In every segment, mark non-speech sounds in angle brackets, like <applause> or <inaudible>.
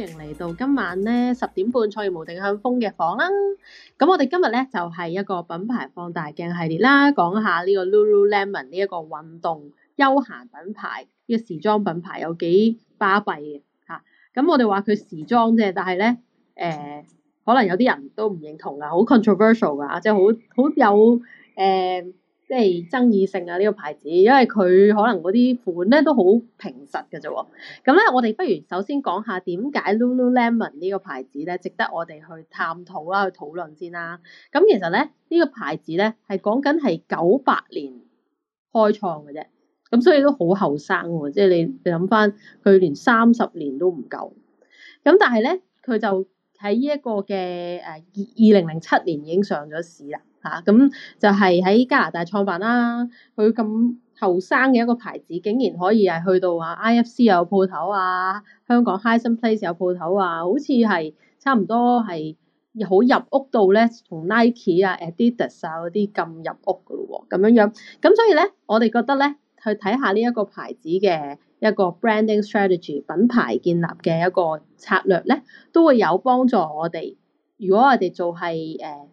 歡迎嚟到今晚咧十點半《創業無定向瘋》嘅房啦。咁我哋今日咧就係、是、一個品牌放大鏡系列啦，講下呢個 Lululemon 呢一個運動休閒品牌，呢、這個時裝品牌有幾巴閉嘅吓。咁、啊、我哋話佢時裝啫，但係咧誒，可能有啲人都唔認同啊，好 controversial 噶，即係好好有誒。呃即係爭議性啊！呢個牌子，因為佢可能嗰啲款咧都好平實嘅啫。咁咧，我哋不如首先講下點解 Lululemon 呢個牌子咧值得我哋去探討啦、去討論先啦。咁其實咧，呢個牌子咧係講緊係九八年開創嘅啫。咁所以都好後生喎，即係你你諗翻佢連三十年都唔夠。咁但係咧，佢就喺呢一個嘅誒二二零零七年已經上咗市啦。嚇咁、啊、就係喺加拿大創辦啦、啊，佢咁後生嘅一個牌子，竟然可以係去到啊 IFC 有鋪頭啊，香港 Hysan Place 有鋪頭啊，好似係差唔多係好入屋度咧，同 Nike 啊、Adidas 啊嗰啲咁入屋噶咯喎，咁樣樣。咁所以咧，我哋覺得咧，去睇下呢一個牌子嘅一個 branding strategy 品牌建立嘅一個策略咧，都會有幫助我哋。如果我哋做係誒。呃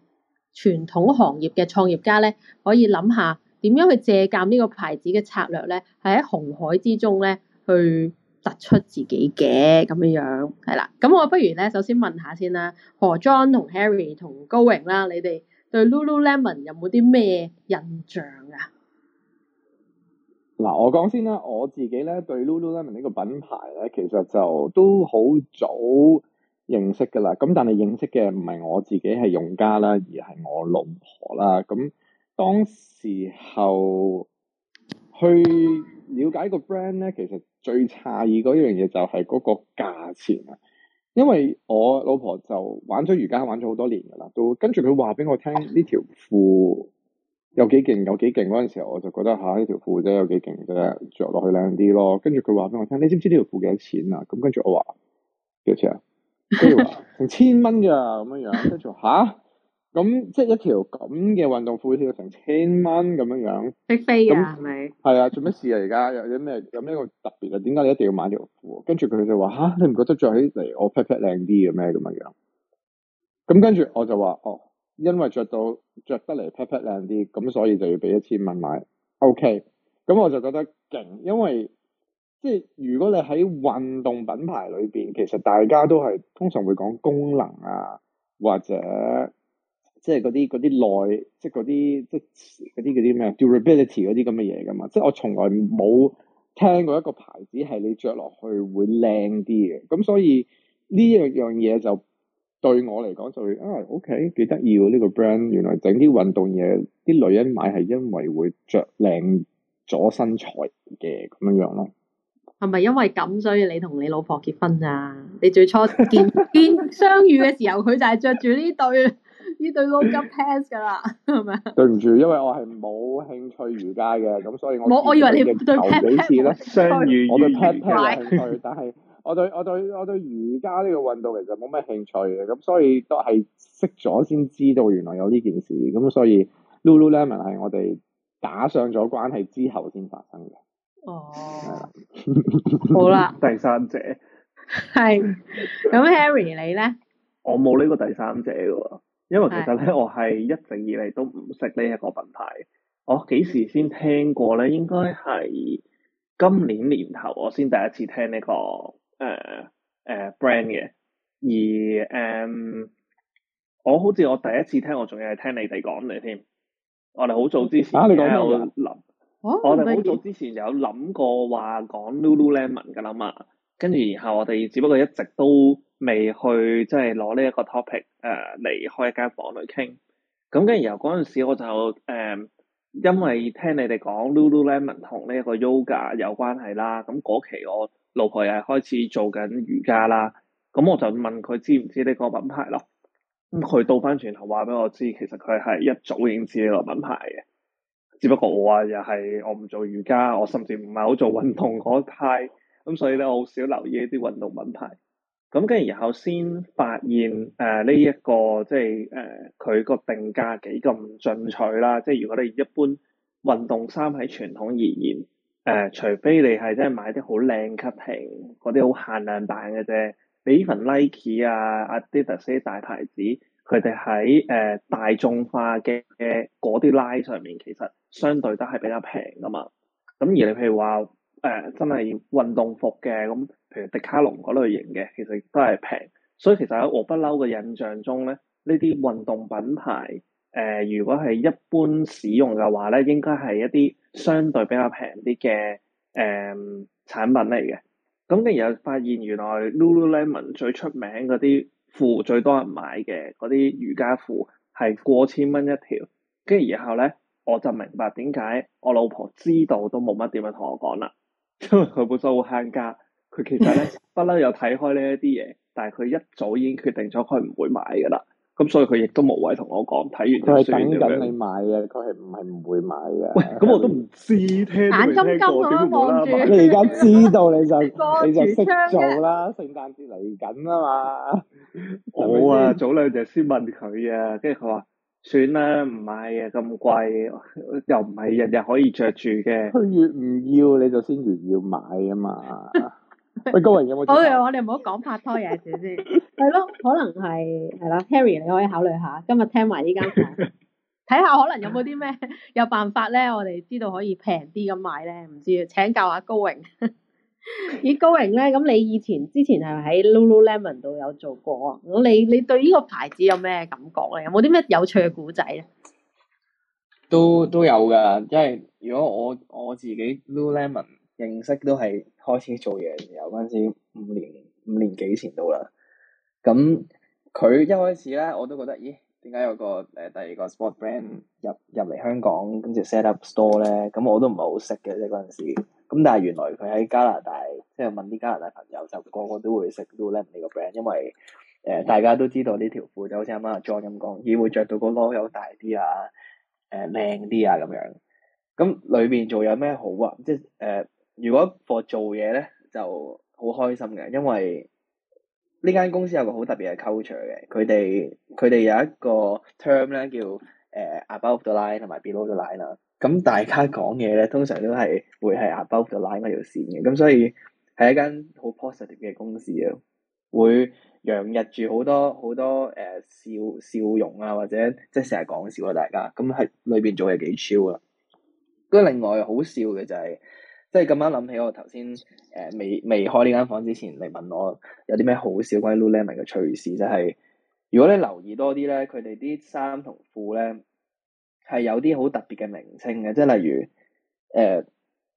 傳統行業嘅創業家咧，可以諗下點樣去借鑑呢個牌子嘅策略咧，喺紅海之中咧去突出自己嘅咁樣樣，係啦。咁我不如咧，首先問下先啦，何 John 同 Harry 同高榮啦，你哋對 Lululemon 有冇啲咩印象啊？嗱，我講先啦，我自己咧對 Lululemon 呢個品牌咧，其實就都好早。認識噶啦，咁但係認識嘅唔係我自己係用家啦，而係我老婆啦。咁、嗯、當時候去了解個 brand 咧，其實最詫異嗰樣嘢就係嗰個價錢啊。因為我老婆就玩咗瑜伽玩咗好多年噶啦，都跟住佢話俾我聽呢條褲有幾勁有幾勁嗰陣時候，我就覺得吓，呢、啊、條褲真係有幾勁嘅，著落去靚啲咯。跟住佢話俾我聽，你知唔知呢條褲幾多錢啊？咁跟住我話幾多錢啊？ <laughs> 欸、成千蚊噶咁樣樣，跟住話吓？咁即係一條咁嘅運動褲要成千蚊咁樣 <laughs> 樣，你飛嘅係咪？係啊，做咩事啊？而家有啲咩？有咩個特別啊？點解你一定要買條褲？跟住佢就話：吓，你唔覺得着起嚟我 pat pat 靚啲嘅咩咁樣？咁跟住我就話：哦，因為着到着得嚟 pat pat 靚啲，咁所以就要俾一千蚊買。OK，咁、嗯、我就覺得勁，因為。即係如果你喺運動品牌裏邊，其實大家都係通常會講功能啊，或者即係嗰啲嗰啲內，即係嗰啲即係嗰啲啲咩 durability 嗰啲咁嘅嘢噶嘛。即係我從來冇聽過一個牌子係你着落去會靚啲嘅。咁所以呢樣樣嘢就對我嚟講就會啊，OK 幾得意。呢個 brand 原來整啲運動嘢，啲女人買係因為會着靚咗身材嘅咁樣樣咯。係咪因為咁，所以你同你老婆結婚啊？你最初見見相遇嘅時候，佢就係着住呢對呢對 lululemon pants 噶啦，係咪？對唔住，因為我係冇興趣瑜伽嘅，咁所以我我我以為你，你的對遇，我對 pants 有興趣，但係我對 pants pants 我對，我對，我，對我對瑜伽呢個運動其實冇咩興趣嘅，咁所以都係識咗先知道原來有呢件事，咁所以 lululemon 係我哋打上咗關係之後先發生嘅。哦，好啦， <laughs> 第三者係， <laughs> 咁 Harry 你咧？我冇呢個第三者嘅喎，因為其實咧是我係一直以嚟都唔識呢一個品牌，我幾時先聽過咧？應該係今年年頭我先第一次聽呢、這個誒誒、呃呃、brand 嘅，而誒、呃、我好似我第一次聽我仲要係聽你哋講你添，我哋好早之前、啊、都有喇。哦、我哋好早之前就有諗過話講 Lululemon 嘅啦嘛，跟住然後我哋只不過一直都未去即係攞呢一個 topic 誒嚟開一間房去傾，咁跟住然後嗰陣時我就誒、呃、因為聽你哋講 Lululemon 同呢一個 yoga 有關係啦，咁、嗯、嗰期我老婆又係開始做緊瑜伽啦，咁、嗯、我就問佢知唔知呢個品牌咯，咁佢倒翻轉頭話俾我知，其實佢係一早已經知呢個品牌嘅。只不過我啊，又係我唔做瑜伽，我甚至唔係好做運動嗰一派，咁所以咧，我好少留意呢啲運動品牌。咁跟住然後先發現，誒呢一個即係誒佢個定價幾咁進取啦。即係如果你一般運動衫喺傳統而言，誒、呃、除非你係真係買啲好靚級型，嗰啲好限量版嘅啫。你依份 Nike 啊、Adidas 啲大牌子。佢哋喺誒大眾化嘅嗰啲 line 上面，其實相對都係比較平㗎嘛。咁而你譬如話誒、呃，真係運動服嘅咁、嗯，譬如迪卡龍嗰類型嘅，其實都係平。所以其實喺我不嬲嘅印象中咧，呢啲運動品牌誒、呃，如果係一般使用嘅話咧，應該係一啲相對比較平啲嘅誒產品嚟嘅。咁跟住又發現原來 Lululemon 最出名嗰啲。褲最多人買嘅嗰啲瑜伽褲係過千蚊一條，跟住然後咧，我就明白點解我老婆知道都冇乜點樣同我講啦，因為佢本身好慳家，佢其實咧不嬲又睇開呢一啲嘢，但係佢一早已經決定咗佢唔會買㗎啦，咁所以佢亦都無謂同我講，睇完就。佢係等緊你買嘅，佢係唔係唔會買嘅。喂，咁我都唔知聽。聽眼金金，你而家知道你就你就識做啦，聖誕節嚟緊啊嘛。是是我啊，早兩日先問佢啊，跟住佢話算啦，唔買啊，咁貴又唔係日日可以着住嘅。佢越唔要你就先至要買啊嘛。 <laughs> 喂，高榮有冇？好，我哋唔好講拍拖嘢先，係 <laughs> 咯，可能係係啦。Harry 你可以考慮下，今日聽埋呢間房，睇下 <laughs> 可能有冇啲咩有辦法咧，我哋知道可以平啲咁買咧，唔知請教下高榮。 <laughs> 咦、嗯、高穎咧，咁你以前之前係喺 Lululemon 度有做過，咁你你對呢個牌子有咩感覺咧？有冇啲咩有趣嘅古仔咧？都都有噶，因為如果我我自己 Lululemon 認識都係開始做嘢嘅時候，嗰陣時五年五年幾前到啦。咁佢一開始咧，我都覺得咦，點、欸、解有個誒、呃、第二個 sport brand 入入嚟香港，跟住 set up store 咧？咁我都唔係好識嘅，即係嗰陣時。咁但係原來佢喺加拿大，即係問啲加拿大朋友就個個都會識，都 like 呢個 brand 因為誒、呃、大家都知道呢條褲就好似阿媽阿 John 咁講，會着到個籮柚大啲啊，誒靚啲啊咁樣。咁裏面做有咩好啊？即係誒、呃，如果 for 做做嘢咧就好開心嘅，因為呢間公司有個好特別嘅 culture 嘅，佢哋佢哋有一個 term 咧叫誒、呃、above the line 同埋 below the line 啊。咁大家講嘢咧，通常都係會係 above the line 嗰條線嘅，咁所以係一間好 positive 嘅公司啊，會洋溢住好多好多誒、呃、笑笑容啊，或者即係成日講笑啊，大家咁係裏邊做嘢幾超啦。咁另外好笑嘅就係、是，即係咁啱諗起我頭先誒未未開呢間房之前你問我有啲咩好笑關於 Lululemon 嘅趣事，就係、是、如果你留意多啲咧，佢哋啲衫同褲咧。係有啲好特別嘅名稱嘅，即係例如誒誒、呃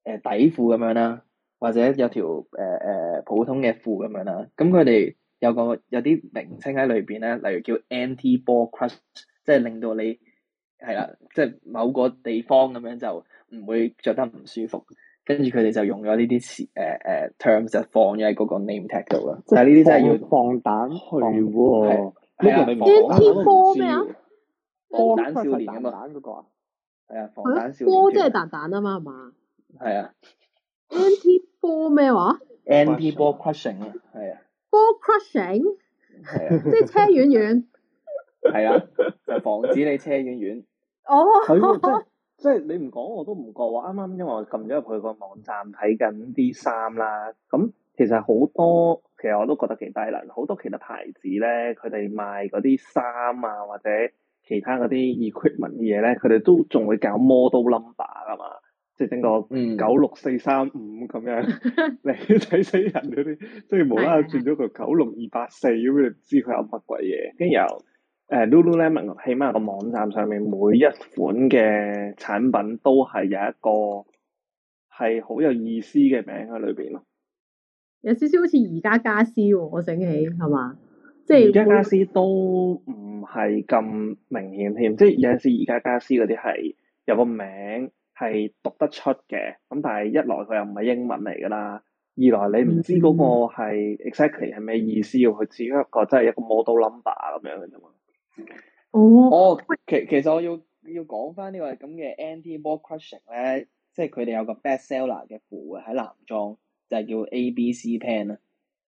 呃、底褲咁樣啦，或者有條誒誒、呃、普通嘅褲咁樣啦。咁佢哋有個有啲名稱喺裏邊咧，例如叫 Anti Ball Crush，即係令到你係啦，即係某個地方咁樣就唔會着得唔舒服。跟住佢哋就用咗呢啲詞誒誒、呃呃、terms 就放咗喺嗰個 name tag 度啦。但係呢啲真係要放膽去喎、啊。Anti Ball 咩啊？防彈少年啊嘛，彈嗰個啊，係啊，防彈少年。波即係彈彈啊嘛，係嘛對？係啊。 <laughs> Anti 波咩話？Anti 波 Crushing 啊，係啊。波 Crushing？係啊，ushing，即係車軟軟。係 <laughs> 啊，就是、防止你車軟軟。哦、oh。佢即即係你唔講我都唔覺。我啱啱因為我撳咗入去個網站睇緊啲衫啦，咁其實好多其實我都覺得幾低能，好多其他牌子咧，佢哋賣嗰啲衫啊或者。其他嗰啲 equipment 嘅嘢咧，佢哋都仲會搞 model number 啊嘛，即係整個九六四三五咁樣你睇 <laughs> 死人嗰啲，即係無啦啦轉咗個九六二八四咁，你唔知佢有乜鬼嘢。跟、呃、住又誒，Lululemon 起碼個網站上面每一款嘅產品都係有一個係好有意思嘅名喺裏邊咯，有少少好似宜家家私喎，我醒起係嘛？而家家私都唔係咁明顯添，即係有陣時而家家私嗰啲係有個名係讀得出嘅，咁但係一來佢又唔係英文嚟㗎喇，二來你唔知嗰個係 exactly 係咩意思，要佢自己一個真係、就是、一個 model number 咁樣嘅啫嘛。哦，哦，其其實我要要講返、這個、呢個咁嘅 Anti Ball Crushing 咧，即係佢哋有個 best seller 嘅褲、就是、啊，喺男裝就係叫 A B C pen 啦。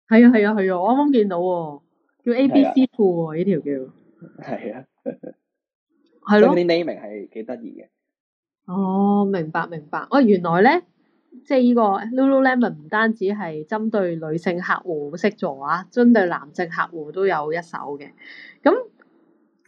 係啊係啊係啊！我啱啱見到喎。叫 A B C t w 喎，依條叫。係啊。係咯。 <laughs> 咁啲名 a m 係幾得意嘅。哦，明白明白。哦，原來咧，即係呢個 Lululemon 唔單止係針對女性客戶識做啊，針對男性客戶都有一手嘅。咁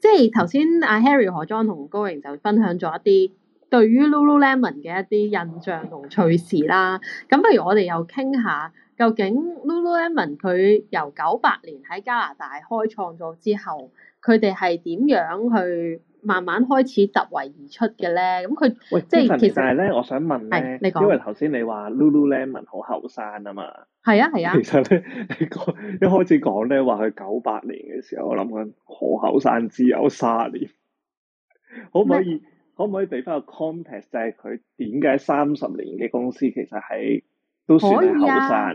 即係頭先阿 Harry 何莊同高瑩就分享咗一啲對於 Lululemon 嘅一啲印象同趣事啦、啊。咁不如我哋又傾下。究竟 Lululemon 佢由九八年喺加拿大開創咗之後，佢哋係點樣去慢慢開始突圍而出嘅咧？咁佢喂即係是其實，但咧，我想問咧，你因為頭先你話 Lululemon 好後生啊嘛，係啊係啊。啊其實咧，一開始講咧話佢九八年嘅時候，我諗緊好後生，只有三十年， <laughs> 可唔可以？麼可唔可以俾翻個 context，就係佢點解三十年嘅公司其實喺？都可以啊，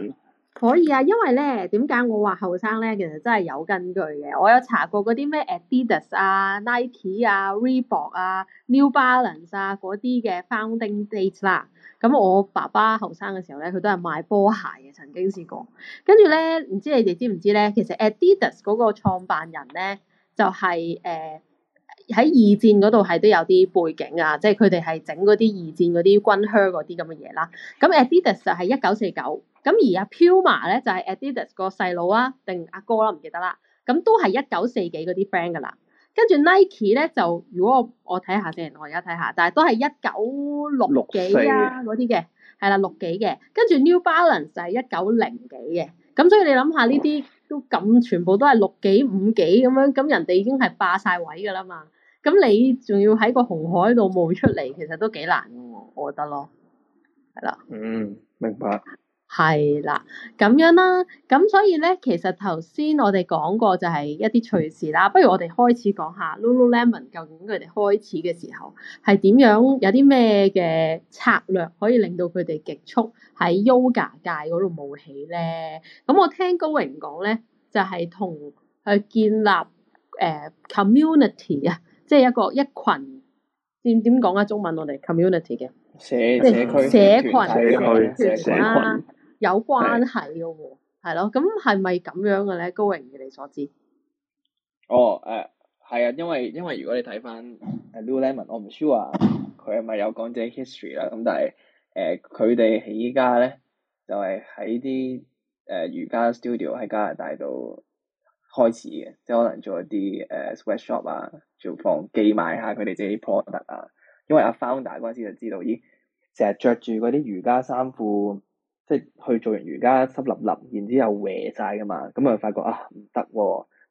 可以啊，因為咧，點解我話後生咧，其實真係有根據嘅。我有查過嗰啲咩 Adidas 啊、Nike 啊、Reebok 啊、New Balance 啊嗰啲嘅 Founding Date 啦。咁我爸爸後生嘅時候咧，佢都係賣波鞋嘅，曾經試過。跟住咧，唔知你哋知唔知咧？其實 Adidas 嗰個創辦人咧，就係、是、誒。呃喺二戰嗰度係都有啲背景啊，即係佢哋係整嗰啲二戰嗰啲軍靴嗰啲咁嘅嘢啦。咁 Adidas 就係一九四九，咁而阿 Puma 咧就係、是、Adidas 個細佬啊定阿哥啦，唔記得啦。咁都係一九四幾嗰啲 friend 噶啦。跟住 Nike 咧就如果我我睇下先，我而家睇下，但係都係一九六幾啊嗰啲嘅，係啦六幾嘅。跟住 New Balance 就係一九零幾嘅。咁所以你諗下呢啲都咁全部都係六幾五幾咁樣，咁人哋已經係霸晒位㗎啦嘛。咁你仲要喺個紅海度冒出嚟，其實都幾難我覺得咯，係啦，嗯，明白，係啦，咁樣啦，咁所以咧，其實頭先我哋講過就係一啲趣事啦。不如我哋開始講下 Lululemon 究竟佢哋開始嘅時候係點樣，有啲咩嘅策略可以令到佢哋極速喺 Yoga 界嗰度冒起咧？咁我聽高榮講咧，就係同佢建立誒、呃、Community 啊。即係一個一群，點點講啊？中文我哋 community 嘅社社區社羣社區有關係嘅喎，係咯的。咁係咪咁樣嘅咧？高榮，你所知？哦，誒係啊，因為因為如果你睇翻 Lululemon 我唔 sure 佢係咪有講自己 history 啦。咁但係誒，佢哋喺依家咧就係喺啲誒瑜伽 studio 喺加拿大度。開始嘅，即係可能做一啲誒 sweat shop 啊，做放寄賣下佢哋自己 product 啊。因為阿、啊、 <music> founder 嗰陣時就知道，咦，成日着住嗰啲瑜伽衫褲，即係去做完瑜伽濕笠笠，然之後歪曬嘅嘛，咁啊發覺啊唔得、啊，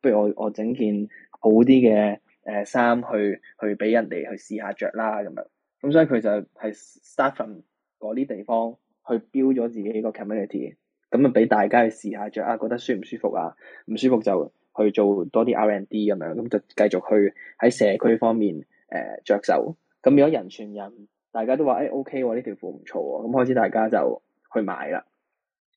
不如我我整件好啲嘅誒衫去去俾人哋去試下着啦咁樣。咁、嗯、所以佢就係 start from 嗰啲地方去標咗自己個 community。咁啊，俾大家去試下着啊，覺得舒唔舒服啊？唔舒服就去做多啲 R&D 咁樣，咁就繼續去喺社區方面誒著、呃、手。咁如果人傳人，大家都話誒、哎、OK 呢、哦、條褲唔錯喎，咁、嗯、開始大家就去買啦。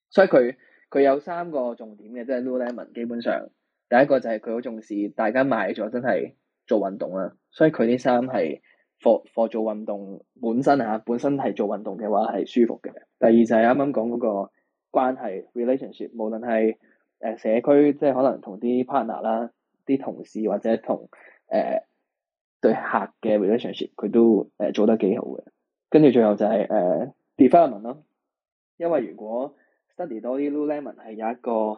所以佢佢有三個重點嘅，即係 Lululemon 基本上，第一個就係佢好重視大家買咗真係做運動啊，所以佢啲衫係 for for 做運動本身嚇，本身係做運動嘅話係舒服嘅。第二就係啱啱講嗰個。關係 relationship 無論係誒、呃、社區，即係可能同啲 partner 啦、啲同事或者同誒、呃、對客嘅 relationship，佢都誒、呃、做得幾好嘅。跟住最後就係、是、誒、呃、development 咯。因為如果 study 多啲 Lululemon 係有一個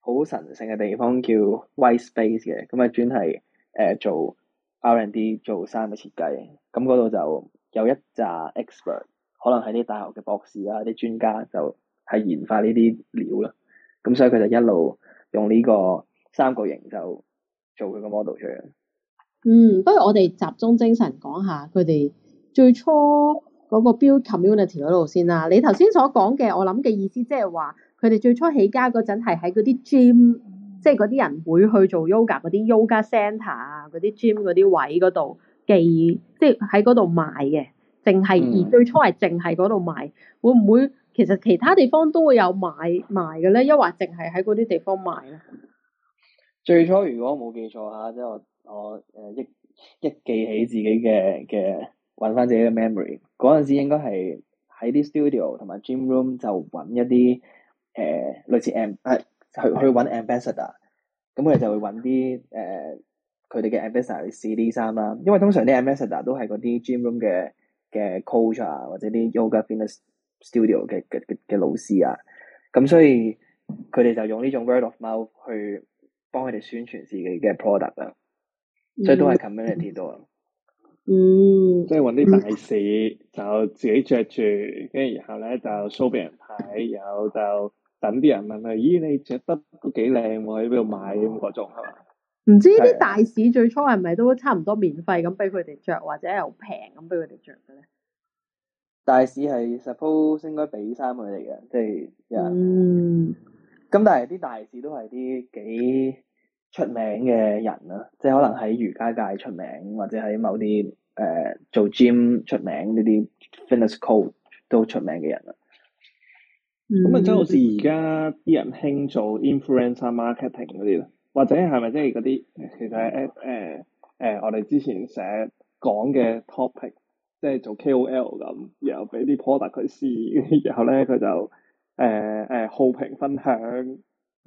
好神聖嘅地方叫 White Space 嘅，咁啊專係誒做 R&D 做衫嘅設計。咁嗰度就有一紮 expert，可能係啲大學嘅博士啊，啲專家就。係研發呢啲料啦，咁所以佢就一路用呢個三角形就做佢個 model 出嚟。嗯，不如我哋集中精神講下佢哋最初嗰個 build community 嗰度先啦。你頭先所講嘅，我諗嘅意思即係話，佢哋最初起家嗰陣係喺嗰啲 gym，即係嗰啲人會去做 yoga 嗰啲 yoga centre 啊，嗰啲 gym 嗰啲位嗰度，既即係喺嗰度賣嘅。淨係而最初係淨係嗰度賣，嗯、會唔會其實其他地方都會有買賣嘅咧？抑或淨係喺嗰啲地方賣咧？最初如果冇記錯嚇，即係我我誒一一記起自己嘅嘅揾翻自己嘅 memory 嗰陣時，應該係喺啲 studio 同埋 gym room 就揾一啲誒類似 a m、啊、去去揾 ambassador，咁佢哋就會揾啲誒佢哋、啊、嘅 ambassador cd 三啦。因為通常啲 ambassador 都係嗰啲 gym room 嘅。嘅 coach 啊，或者啲 yoga fitness studio 嘅嘅嘅老師啊，咁所以佢哋就用呢種 word of mouth 去幫佢哋宣傳自己嘅 product 啦，啊，所以都係 community 度，嗯、mm，即係揾啲大使就自己着住，跟住然後咧就 show 俾人睇，然後就等啲人問佢，咦你着得都幾靚，我喺邊度買咁嗰種係嘛？Hmm. Mm hmm. mm hmm. 唔知啲大使最初係咪都差唔多免費咁俾佢哋着，或者又平咁俾佢哋着嘅咧？大使係 suppose 應該俾衫佢哋嘅，即係可能。嗯。咁、嗯、但係啲大使都係啲幾出名嘅人啊，即係可能喺瑜伽界出名，或者喺某啲誒、呃、做 gym 出名呢啲 fitness coach 都出名嘅人啊。嗯。咁啊，即係好似而家啲人興做 influencer marketing 嗰啲啦。或者係咪即係嗰啲其實誒誒誒我哋之前成日講嘅 topic，即係做 KOL 咁，然後畀啲 product 佢試，然後咧佢就誒誒好評分享。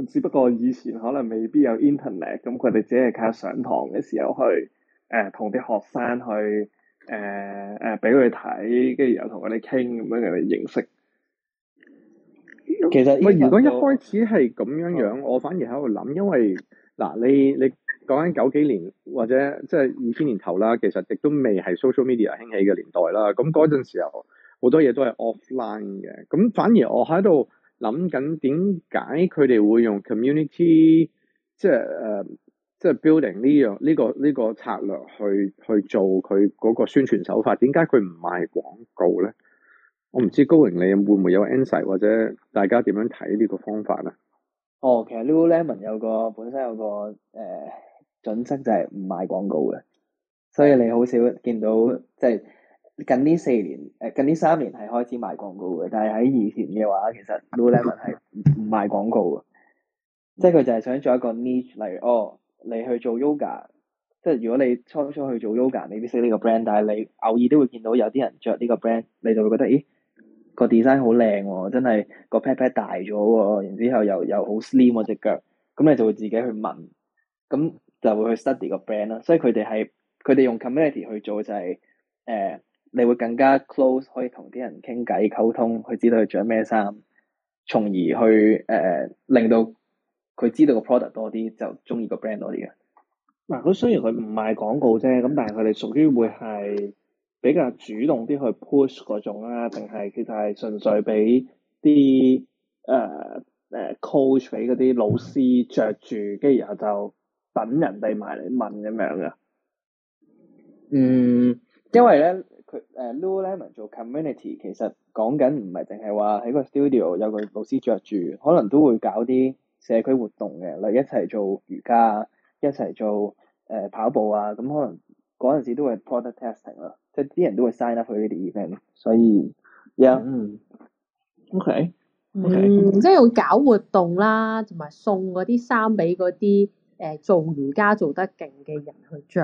只不過以前可能未必有 internet，咁佢哋只係靠上堂嘅時候去誒同啲學生去誒誒畀佢睇，跟住然後又同佢哋傾，咁樣佢哋認識。其實，喂，如果一開始係咁樣樣，我反而喺度諗，因為嗱，你你講緊九幾年或者即係二千年頭啦，其實亦都未係 social media 興起嘅年代啦。咁嗰陣時候好多嘢都係 offline 嘅。咁反而我喺度諗緊點解佢哋會用 community 即係誒、uh，即係 building 呢樣呢個呢個呢個策略去去做佢嗰個宣傳手法？點解佢唔賣廣告咧？我唔知高榮你會唔會有 answer 或者大家點樣睇呢個方法啊？哦，其實 Lululemon 有個本身有個誒、呃、準則就係唔賣廣告嘅，所以你好少見到即係、就是、近呢四年誒近呢三年係開始賣廣告嘅，但係喺以前嘅話，其實 Lululemon 係唔賣廣告嘅， <laughs> 即係佢就係想做一個 niche，例如哦，你去做 yoga，即係如果你初初去做 yoga，你未必識呢個 brand，但係你偶爾都會見到有啲人着呢個 brand，你就會覺得咦？個 design 好靚喎，真係個 pad pad 大咗喎、哦，然之後又又好 slim 喎隻腳，咁你就會自己去問，咁就會去 study 個 brand 啦。所以佢哋係佢哋用 community 去做就係、是、誒、呃，你會更加 close 可以同啲人傾偈溝通，佢知道佢着咩衫，從而去誒、呃、令到佢知道個 product 多啲，就中意個 brand 多啲嘅。嗱、啊，佢雖然佢唔賣廣告啫，咁但係佢哋屬於會係比較主動啲去 push 嗰種啊，定係其實係純粹畀啲誒誒 coach 畀嗰啲老師着住，跟住然後就等人哋埋嚟問咁樣噶。嗯，因為咧佢誒 Lululemon 做 community 其實講緊唔係淨係話喺個 studio 有個老師着住，可能都會搞啲社區活動嘅，例如一齊做瑜伽、一齊做誒、uh, 跑步啊，咁可能嗰陣時都會 product testing 啦。即係啲人都會 sign up 去呢啲 event，所以，呀，嗯，OK，mm, okay. 嗯，即係要搞活動啦，同埋送嗰啲衫俾嗰啲誒做瑜伽做得勁嘅人去着。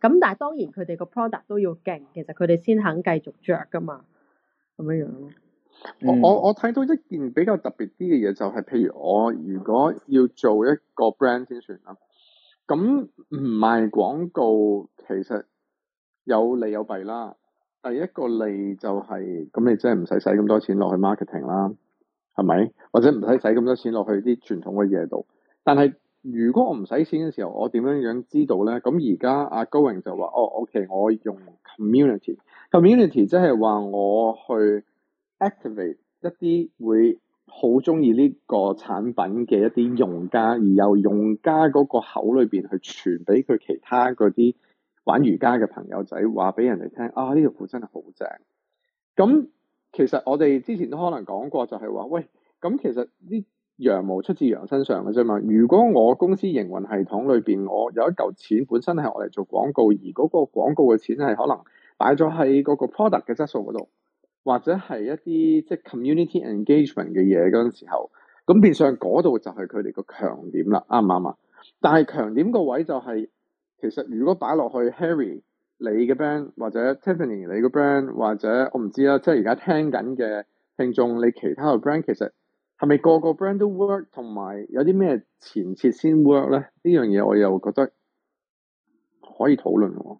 咁但係當然佢哋個 product 都要勁，其實佢哋先肯繼續着㗎嘛，咁樣樣。我、mm. 我我睇到一件比較特別啲嘅嘢，就係譬如我如果要做一個 brand 先算啦，咁唔賣廣告其實。有利有弊啦。第一個利就係咁，你真係唔使使咁多錢落去 marketing 啦，係咪？或者唔使使咁多錢落去啲傳統嘅嘢度。但係如果我唔使錢嘅時候，我點樣樣知道呢？咁而家阿高榮就話：哦，OK，我用 community，community 即係話我去 activate 一啲會好鍾意呢個產品嘅一啲用家，而由用家嗰個口裏邊去傳俾佢其他嗰啲。玩瑜伽嘅朋友仔話俾人哋聽：啊，呢條褲真係好正！咁其實我哋之前都可能講過就，就係話喂，咁其實呢羊毛出自羊身上嘅啫嘛。如果我公司營運系統裏邊，我有一嚿錢本身係我嚟做廣告，而嗰個廣告嘅錢係可能擺咗喺嗰個 product 嘅質素嗰度，或者係一啲即係 community engagement 嘅嘢嗰陣時候，咁變相嗰度就係佢哋個強點啦，啱唔啱啊？但係強點個位就係。其實如果擺落去 Harry 你嘅 brand 或者 Tiffany 你嘅 brand 或者我唔知啦，即係而家聽緊嘅聽眾你其他嘅 brand 其實係咪個個 brand 都 work 同埋有啲咩前設先 work 咧？呢樣嘢我又覺得可以討論喎。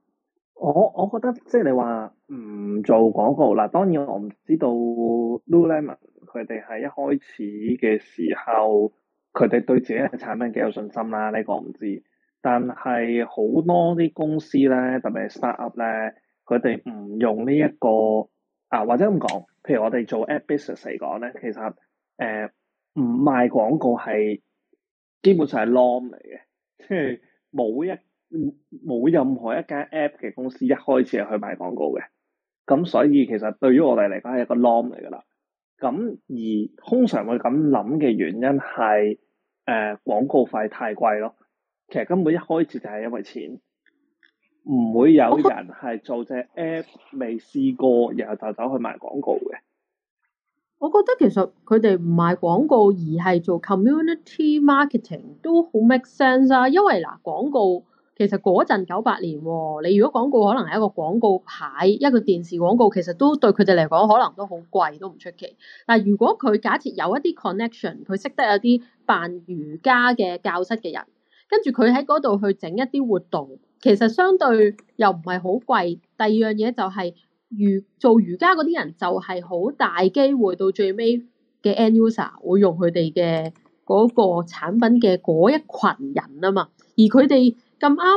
我我覺得即係你話唔做廣告嗱，當然我唔知道 Lululemon 佢哋喺一開始嘅時候佢哋對自己嘅產品幾有信心啦。呢個我唔知。但係好多啲公司咧，特別係 start up 咧，佢哋唔用呢、這、一個啊，或者咁講，譬如我哋做 app business 嚟講咧，其實誒唔、呃、賣廣告係基本上係 norm 嚟嘅，即係冇一冇任何一間 app 嘅公司一開始係去賣廣告嘅。咁所以其實對於我哋嚟講係一個 norm 嚟噶啦。咁而通常會咁諗嘅原因係誒、呃、廣告費太貴咯。其實根本一開始就係因為錢，唔會有人係做隻 app 未試過，然後就走去賣廣告嘅。我覺得其實佢哋唔賣廣告，而係做 community marketing 都好 make sense 啊。因為嗱，廣告其實嗰陣九八年，你如果廣告可能係一個廣告牌，一個電視廣告，其實都對佢哋嚟講可能都好貴，都唔出奇。但如果佢假設有一啲 connection，佢識得有啲辦瑜伽嘅教室嘅人。跟住佢喺嗰度去整一啲活動，其實相對又唔係好貴。第二樣嘢就係、是、瑜做瑜伽嗰啲人就係好大機會到最尾嘅 end user 會用佢哋嘅嗰個產品嘅嗰一群人啊嘛。而佢哋咁啱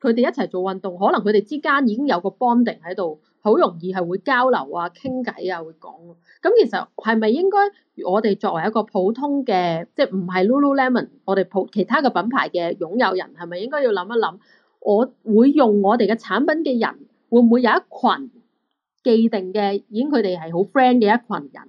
佢哋一齊做運動，可能佢哋之間已經有個 bonding 喺度。好容易係會交流啊、傾偈啊、會講咯。咁、嗯、其實係咪應該我哋作為一個普通嘅，即係唔係 Lululemon，我哋普其他嘅品牌嘅擁有人，係咪應該要諗一諗？我會用我哋嘅產品嘅人，會唔會有一群既定嘅，已經佢哋係好 friend 嘅一群人，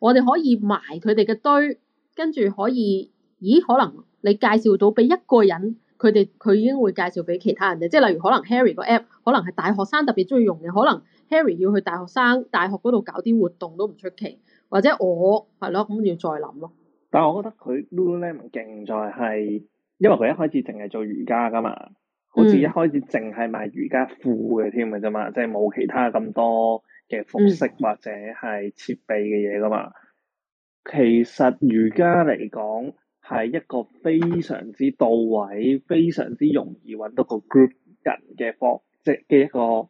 我哋可以埋佢哋嘅堆，跟住可以，咦？可能你介紹到俾一個人。佢哋佢已經會介紹俾其他人哋，即係例如可能 Harry 個 app 可能係大學生特別中意用嘅，可能 Harry 要去大學生大學嗰度搞啲活動都唔出奇，或者我係咯，咁要再諗咯。但係我覺得佢 Lululemon 勁在係，因為佢一開始淨係做瑜伽㗎嘛，嗯、好似一開始淨係賣瑜伽褲嘅添嘅啫嘛，即係冇其他咁多嘅服飾或者係設備嘅嘢㗎嘛。嗯嗯、其實瑜伽嚟講，係一個非常之到位、非常之容易揾到個 group 的人嘅方，即嘅一個誒、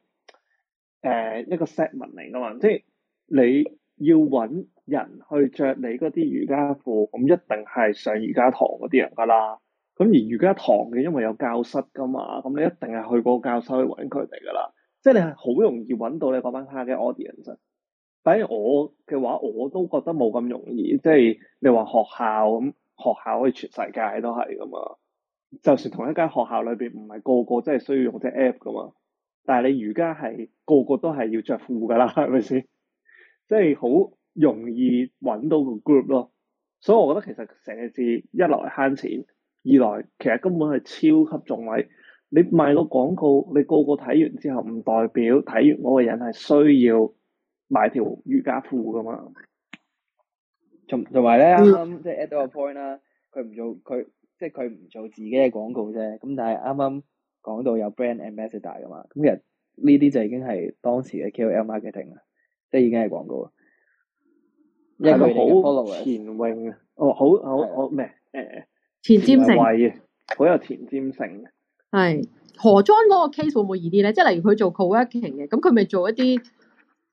呃、一個 set 文嚟噶嘛。即係你要揾人去着你嗰啲瑜伽褲，咁一定係上瑜伽堂嗰啲人噶啦。咁而瑜伽堂嘅，因為有教室噶嘛，咁你一定係去個教室去揾佢哋噶啦。即係你係好容易揾到你嗰班客嘅 audience。反而我嘅話，我都覺得冇咁容易。即係你話學校咁。學校可以全世界都係噶嘛？就算同一間學校裏邊唔係個個真係需要用隻 app 噶嘛？但係你瑜伽係個個都係要着褲噶啦，係咪先？即係好容易揾到個 group 咯。所以我覺得其實成件事一來慳錢，二來其實根本係超級重位。你賣個廣告，你個個睇完之後唔代表睇完嗰個人係需要買條瑜伽褲噶嘛？同同埋咧，啱啱、嗯、即係 add 到個 point 啦，佢唔做佢即係佢唔做自己嘅廣告啫，咁但係啱啱講到有 brand ambassador 噶嘛，咁其實呢啲就已經係當時嘅 KOL marketing 啦，即係已經係廣告。嗯、一個前泳前、哦、好前鋒，哦好好我咩誒？前瞻性，好有前瞻性。係何裝嗰個 case 會唔會易啲咧？即係例如佢做 co-working 嘅，咁佢咪做一啲？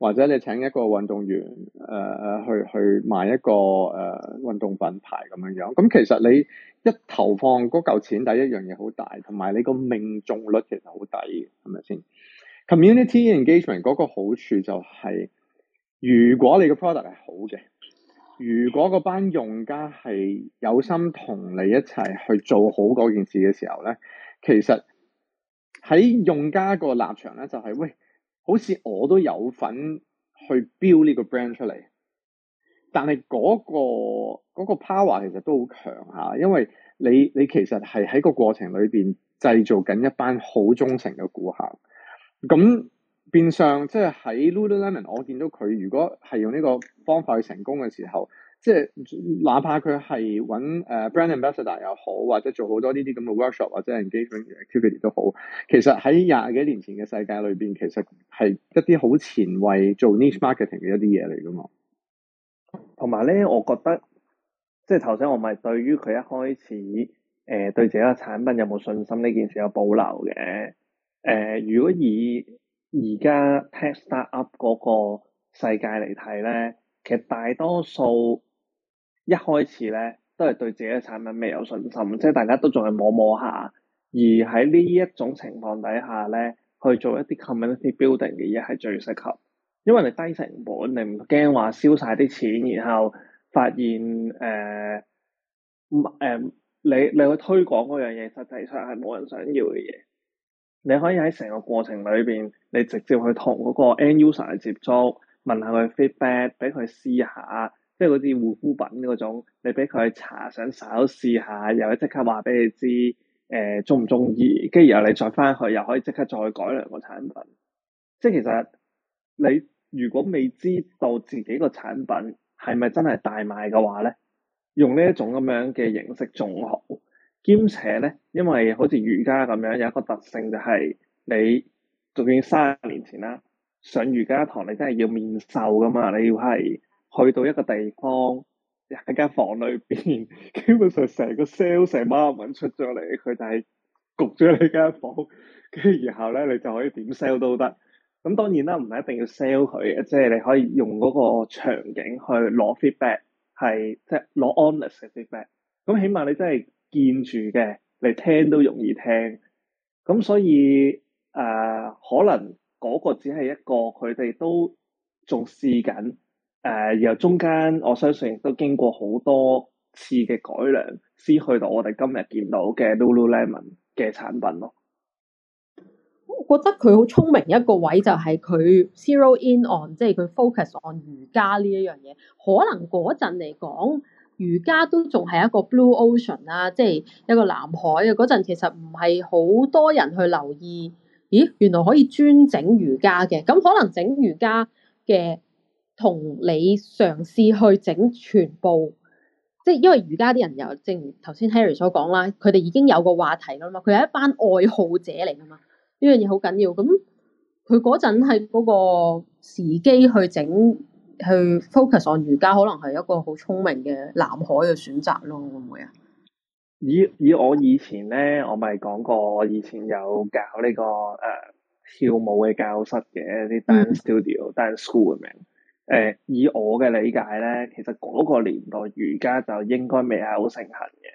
或者你請一個運動員誒、呃、去去買一個誒、呃、運動品牌咁樣樣，咁其實你一投放嗰嚿錢，第一樣嘢好大，同埋你個命中率其實好低，係咪先？Community engagement 嗰個好處就係，如果你個 product 係好嘅，如果嗰班用家係有心同你一齊去做好嗰件事嘅時候咧，其實喺用家個立場咧就係，喂。好似我都有份去 build 呢個 brand 出嚟，但係嗰個嗰個 power 其實都好強吓，因為你你其實係喺個過程裏邊製造緊一班好忠誠嘅顧客，咁變相即係喺 Lululemon，我見到佢如果係用呢個方法去成功嘅時候。即係哪怕佢係揾 brand ambassador 又好，或者做好多呢啲咁嘅 workshop 或者 engagement activity 都好，其實，喺廿幾年前嘅世界裏邊，其實係一啲好前衞做 niche marketing 嘅一啲嘢嚟㗎嘛。同埋咧，我覺得即係頭先我咪對於佢一開始誒、呃、對自己個產品有冇信心呢件事有保留嘅。誒、呃，如果以而家 tech startup 嗰個世界嚟睇咧，其實大多數。一開始咧，都係對自己嘅產品未有信心，即係大家都仲係摸摸下。而喺呢一種情況底下咧，去做一啲 community building 嘅嘢係最適合，因為你低成本，你唔驚話燒晒啲錢，然後發現誒誒、呃呃，你你去推廣嗰樣嘢，實際上係冇人想要嘅嘢。你可以喺成個過程裏邊，你直接去同嗰個 end user 去接觸，問下佢 feedback，俾佢試下。即係嗰啲護膚品嗰種，你俾佢查想嘗試下，又即刻話俾你知誒，鍾唔鍾意，跟住然後你再返去又可以即刻再改良個產品。即係其實你如果未知道自己個產品係咪真係大賣嘅話咧，用呢一種咁樣嘅形式仲好，兼且咧，因為好似瑜伽咁樣有一個特性就係你，就算三十年前啦，上瑜伽堂你真係要面授㗎嘛，你要係。去到一個地方喺間房裏邊，基本上成個 sell 成 m a 出咗嚟，佢就係焗咗你間房，跟住然後咧你就可以點 sell 都得。咁當然啦，唔係一定要 sell 佢嘅，即係你可以用嗰個場景去攞 feedback，係即係攞 honest 嘅 feedback。咁起碼你真係見住嘅，你聽都容易聽。咁所以誒、呃，可能嗰個只係一個佢哋都仲試緊。誒，由、呃、中間，我相信亦都經過好多次嘅改良，先去到我哋今日見到嘅 Lululemon 嘅產品咯。我覺得佢好聰明一個位就係佢 zero in on，即係佢 focus on 瑜伽呢一樣嘢。可能嗰陣嚟講，瑜伽都仲係一個 blue ocean 啦，即係一個藍海啊。嗰陣其實唔係好多人去留意，咦？原來可以專整瑜伽嘅，咁可能整瑜伽嘅。同你嘗試去整全部，即係因為瑜伽啲人又正如頭先 Harry 所講啦，佢哋已經有個話題啦嘛，佢係一班愛好者嚟噶嘛，呢樣嘢好緊要。咁佢嗰陣係嗰個時機去整，去 focus on 瑜伽，可能係一個好聰明嘅藍海嘅選擇咯，會唔會啊？以以我以前咧，我咪講過，我以前有搞呢、呢個誒、uh, 跳舞嘅教室嘅啲 dance studio dance school 嘅名。誒、呃，以我嘅理解咧，其實嗰個年代瑜伽就應該未係好盛行嘅，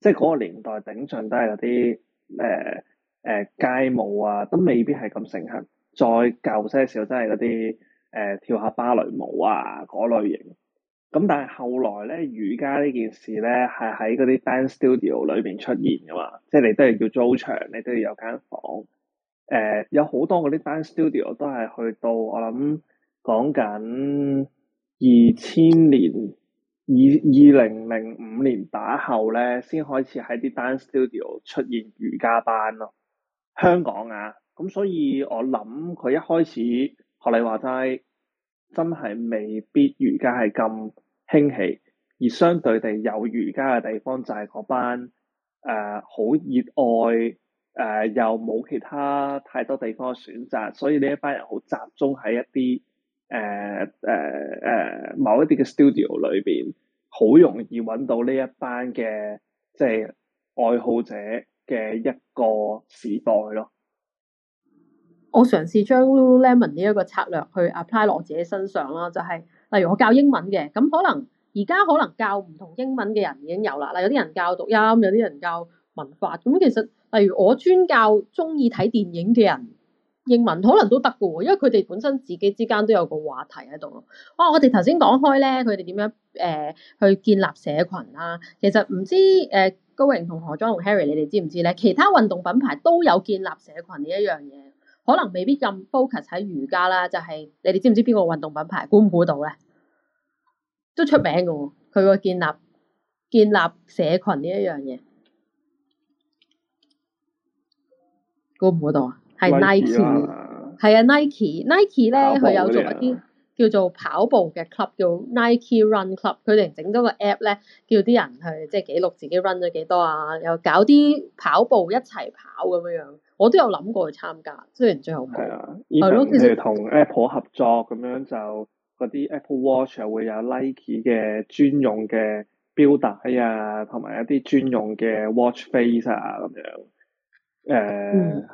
即係嗰個年代頂盡都係嗰啲誒誒街舞啊，都未必係咁盛行。再舊些少，都係嗰啲誒跳下芭蕾舞啊嗰、那個、類型。咁但係後來咧，瑜伽呢件事咧係喺嗰啲 band studio 裏邊出現噶嘛，即係你都係叫租場，你都要有間房。誒、呃，有好多嗰啲 band studio 都係去到我諗。講緊二千年二二零零五年打後咧，先開始喺啲 dance studio 出現瑜伽班咯。香港啊，咁所以我諗佢一開始，學你話齋，真係未必瑜伽係咁興起，而相對地有瑜伽嘅地方就係嗰班誒好熱愛誒、呃、又冇其他太多地方嘅選擇，所以呢一班人好集中喺一啲。誒誒誒，uh, uh, uh, 某一啲嘅 studio 裏邊，好容易搵到呢一班嘅，即係愛好者嘅一個時代咯。我嘗試將 Lululemon 呢一個策略去 apply 落我自己身上啦，就係例如我教英文嘅，咁可能而家可能教唔同英文嘅人已經有啦，嗱，有啲人教讀音，有啲人教文化，咁其實例如我專教中意睇電影嘅人。英文可能都得嘅喎，因為佢哋本身自己之間都有個話題喺度咯。哇、啊，我哋頭先講開咧，佢哋點樣誒、呃、去建立社群啦、啊？其實唔知誒、呃、高榮同何莊同 Harry，你哋知唔知咧？其他運動品牌都有建立社群呢一樣嘢，可能未必咁 focus 喺瑜伽啦。就係、是、你哋知唔知邊個運動品牌？估唔估到咧？都出名嘅喎，佢個建立建立社群呢一樣嘢，估唔估到啊？係 Nike，係啊 Nike，Nike 咧佢有做一啲叫做跑步嘅 club 叫 Nike Run Club，佢哋整咗個 app 咧，叫啲人去即係記錄自己 run 咗幾多啊，又搞啲跑步一齊跑咁樣樣。我都有諗過去參加，雖然最後唔係啊。係咯 But even,，譬如同 Apple 合作咁樣就，就嗰啲 Apple Watch 又、啊、會有 Nike 嘅專用嘅表帶啊，同埋一啲專用嘅 Watch Face 啊咁樣。誒、呃。嗯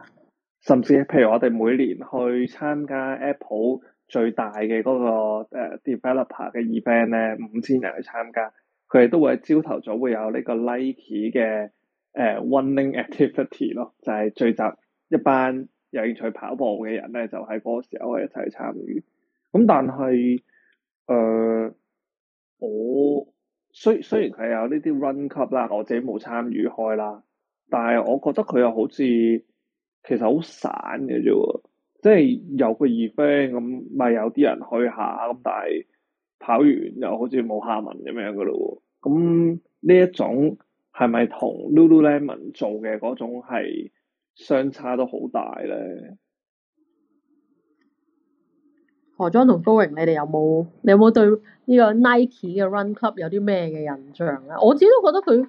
甚至譬如我哋每年去參加 Apple 最大嘅嗰個誒 developer 嘅 event 咧，五千人去參加，佢哋都會喺朝頭早會有呢個 Nike 嘅誒 running activity 咯，就係聚集一班有興趣跑步嘅人咧，就喺嗰個時候去一齊參與。咁、嗯、但係誒、呃，我雖雖然佢有呢啲 run club 啦，我自己冇參與開啦，但係我覺得佢又好似。其實好散嘅啫，即係有個 event 咁，咪有啲人去下，咁但係跑完又好似冇下文咁樣嘅咯。咁呢一種係咪同 Lululemon 做嘅嗰種係相差都好大咧？何裝同高榮，你哋有冇？你有冇對呢個 Nike 嘅 Run Club 有啲咩嘅印象咧？我自己都覺得佢。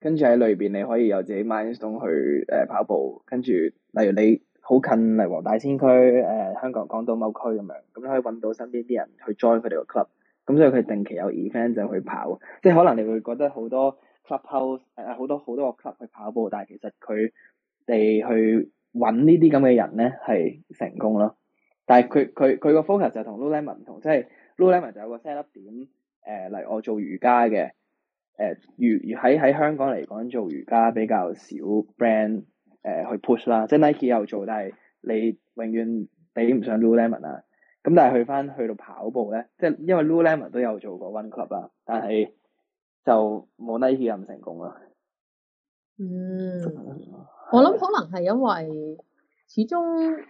跟住喺裏邊，你可以有自己 mindset 去誒、呃、跑步。跟住，例如你好近嚟黃大仙區誒、呃，香港港島某區咁樣，咁、嗯、可以搵到身邊啲人去 join 佢哋個 club、嗯。咁所以佢定期有 event 就去跑。即係可能你會覺得好多 clubhouse 誒、呃，好多好多個 club 去跑步，但係其實佢哋去搵呢啲咁嘅人咧係成功咯。但係佢佢佢個 focus 就同 Lululemon 唔同，即係 Lululemon 就有個 set up 點誒嚟、呃、我做瑜伽嘅。誒瑜喺喺香港嚟講，做瑜伽比較少 brand 誒、呃、去 push 啦，即係 Nike 又做，但係你永遠比唔上 Lululemon 啊。咁但係去翻去到跑步咧，即係因為 Lululemon 都有做過 run club 啦，但係就冇 Nike 咁成功咯。嗯，我諗可能係因為始終誒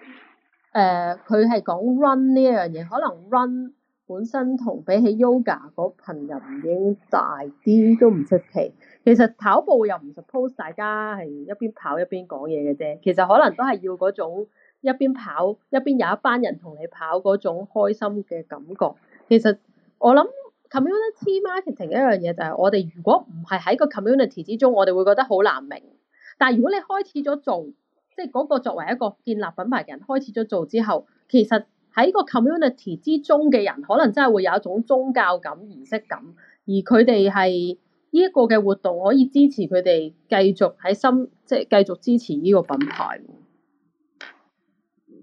佢係講 run 呢樣嘢，可能 run。本身同比起 yoga 嗰羣人已經大啲都唔出奇，其實跑步又唔使 pose，大家係一邊跑一邊講嘢嘅啫。其實可能都係要嗰種一邊跑一邊有一班人同你跑嗰種開心嘅感覺，其實我諗 community marketing 一樣嘢就係我哋如果唔係喺個 community 之中，我哋會覺得好難明。但係如果你開始咗做，即係嗰個作為一個建立品牌嘅人開始咗做之後，其實。喺個 community 之中嘅人，可能真係會有一種宗教感、儀式感，而佢哋係呢一個嘅活動可以支持佢哋繼續喺心，即係繼續支持呢個品牌。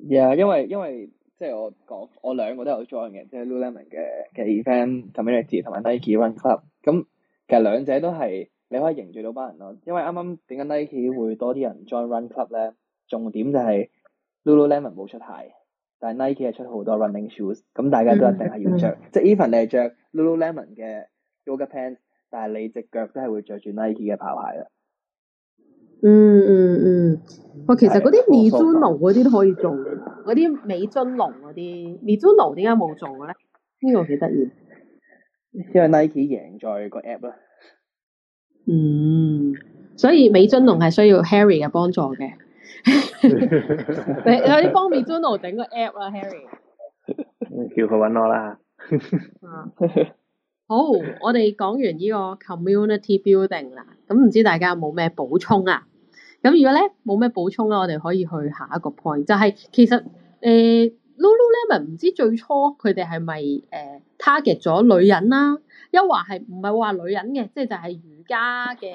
係啊、yeah，因為因為即係我講我兩個都有 join 嘅，即係 Lululemon 嘅嘅 event community 同埋 Nike Run Club。咁其實兩者都係你可以凝聚到班人咯。因為啱啱點解 Nike 會多啲人 join Run Club 咧？重點就係 Lululemon 冇出鞋。但 Nike 係出好多 running shoes，咁大家都一定係要着。嗯、即係 even 你係着 Lululemon 嘅 yoga pants，但係你隻腳都係會着住 Nike 嘅跑鞋啦、嗯。嗯嗯嗯，喂，其實嗰啲美津濃嗰啲都可以做，嗰啲 <laughs> 美津濃嗰啲，美津濃點解冇做咧？呢、呢個幾得意，因為 Nike 贏在個 app 啦。嗯，所以美津濃係需要 Harry 嘅幫助嘅。 <laughs> 你有啲方便 journal 整個 app 啦，Harry。叫佢揾我啦 <laughs> 、啊。好，我哋講完呢個 community building 啦，咁唔知大家有冇咩補充啊？咁如果咧冇咩補充啦，我哋可以去下一個 point，就係、是、其實誒，Lululemon 咧，咪、呃、唔知最初佢哋係咪誒 target 咗女人啦、啊？又話係唔係話女人嘅，即係就係瑜伽嘅。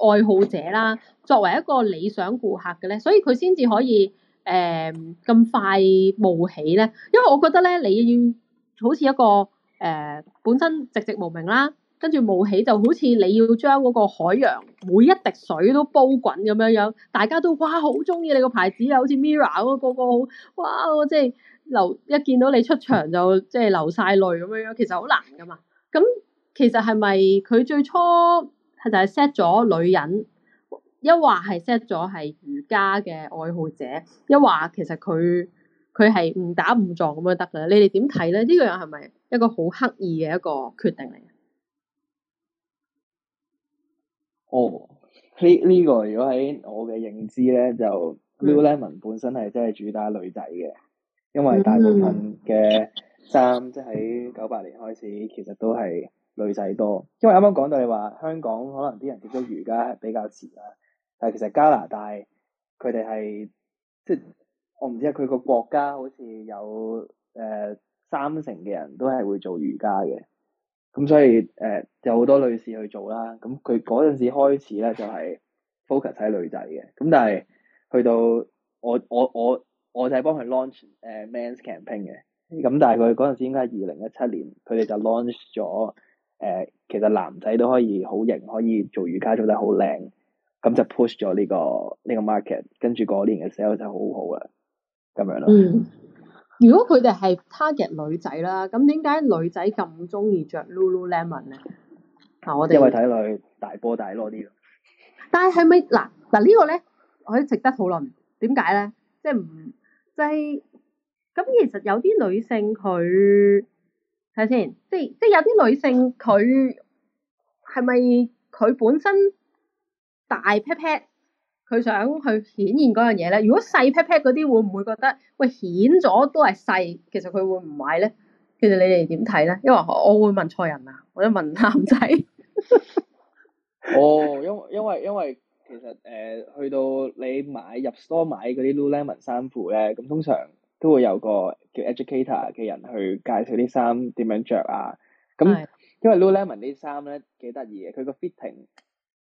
愛好者啦，作為一個理想顧客嘅咧，所以佢先至可以誒咁、呃、快冒起咧。因為我覺得咧，你要好似一個誒、呃、本身籍籍無名啦，跟住冒起就好似你要將嗰個海洋每一滴水都煲滾咁樣樣，大家都哇好中意你個牌子啊，好似 Mirror 個個好哇，我即係流一見到你出場就即係流晒淚咁樣樣，其實好難㗎嘛。咁其實係咪佢最初？佢就係 set 咗女人，一話係 set 咗係瑜伽嘅愛好者，一話其實佢佢係誤打誤撞咁樣得噶啦。你哋點睇咧？呢個人係咪一個好刻意嘅一個決定嚟？哦，呢、呢、呢個如果喺我嘅認知咧，就 Lululemon 本身係真係主打女仔嘅，因為大部分嘅衫即喺九八年開始，其實都係。女仔多，因為啱啱講到你話香港可能啲人接觸瑜伽比較遲啦，但係其實加拿大佢哋係即係我唔知啊，佢個國家好似有誒、呃、三成嘅人都係會做瑜伽嘅，咁所以誒、呃、有好多女士去做啦。咁佢嗰陣時開始咧就係 focus 喺女仔嘅，咁但係去到我我我我就係幫佢 launch 誒 men's campaign 嘅，咁但係佢嗰陣時應該係二零一七年佢哋就 launch 咗。誒、呃，其實男仔都可以好型，可以做瑜伽做得好靚，咁就 push 咗呢、呢個呢、呢個 market，跟住過年嘅時候就好好啊，咁樣啦。嗯，如果佢哋係 target 女仔啦，咁點解女仔咁中意着 Lululemon 咧？嗱，我哋因為睇女大波大攞啲。 <laughs> 但係係咪嗱嗱呢個咧，可以值得討論？點解咧？即係唔即係咁？就是、其實有啲女性佢。睇先，即係即係有啲女性佢係咪佢本身大 pat pat，佢想去顯現嗰樣嘢咧？如果細 pat pat 嗰啲會唔會覺得喂顯咗都係細，其實佢會唔買咧？其實你哋點睇咧？因為我會問錯人啊，我都問男仔。 <laughs> 哦，因為因為因為其實誒、呃、去到你買入 store 買嗰啲 Lululemon 衫褲咧，咁通常，都會有個叫 educator 嘅人去介紹啲衫點樣着啊，咁、嗯、的因為 Lululemon 呢啲衫咧幾得意嘅，佢個 fitting 誒、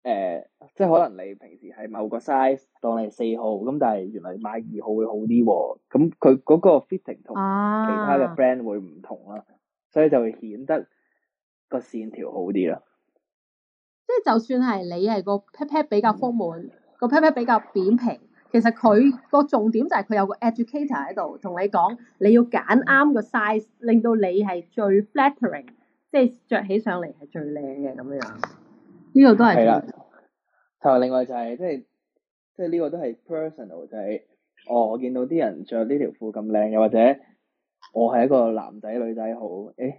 呃，即係可能你平時係某個 size 當你係四號，咁但係原來買二號會好啲喎、啊，咁佢嗰個 fitting 同其他嘅 brand 會唔同啦、啊，啊、所以就會顯得個線條好啲啦。即係就算係你係個 pet pet 比較豐滿，個 pet pet 比較扁平。嗯。其實佢個重點就係佢有個 educator 喺度同你講，你要揀啱個 size，令到你係最 flattering，即係着起上嚟係最靚嘅咁樣。呢個都係。係啦。就另外就係即係，即係呢個都係 personal，就係，哦，我見到啲人着呢條褲咁靚，又或者我係一個男仔女仔好，誒，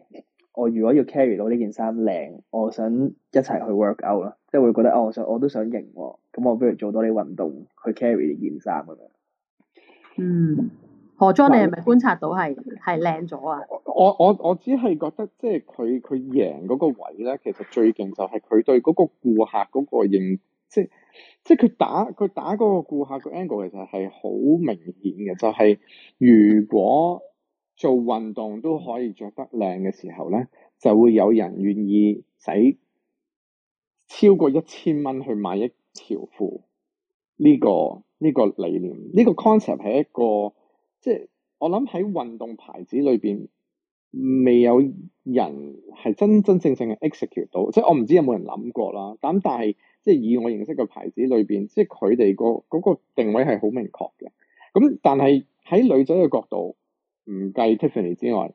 我如果要 carry 到呢件衫靚，我想一齊去 work out 啦，即係會覺得，哦，我想我都想型喎。咁我不如做多啲運動去 carry 件衫啊。嗯，何裝你係咪觀察到係係靚咗啊？我我我只係覺得即係佢佢贏嗰個位咧，其實最勁就係佢對嗰個顧客嗰個認，即係即係佢打佢打嗰個顧客個 angle 其實係好明顯嘅，就係如果做運動都可以着得靚嘅時候咧，就會有人願意使超過一千蚊去買一，條褲呢個呢個理念，呢個 concept 係一個即係我諗喺運動牌子裏邊未有人係真真正正嘅 execute 到，即係我唔知有冇人諗過啦。咁但係即係以我認識嘅牌子裏邊，即係佢哋個嗰個定位係好明確嘅。咁但係喺女仔嘅角度，唔計 Tiffany 之外。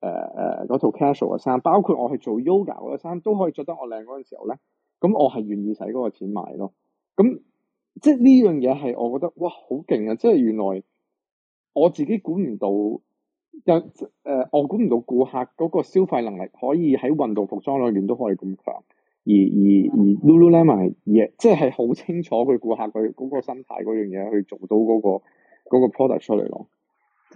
誒誒，嗰、uh, 套 casual 嘅衫，包括我去做 yoga 嗰啲衫，都可以着得我靚嗰陣時候咧，咁我係願意使嗰個錢買咯。咁即係呢樣嘢係我覺得哇，好勁啊！即係原來我自己估唔到，有誒、呃，我估唔到顧客嗰個消費能力可以喺運動服裝裏面都可以咁強。而而而 Lululemon 亦即係好清楚佢顧客佢嗰個心態嗰樣嘢，去做到嗰、嗰個、嗰個 product 出嚟咯。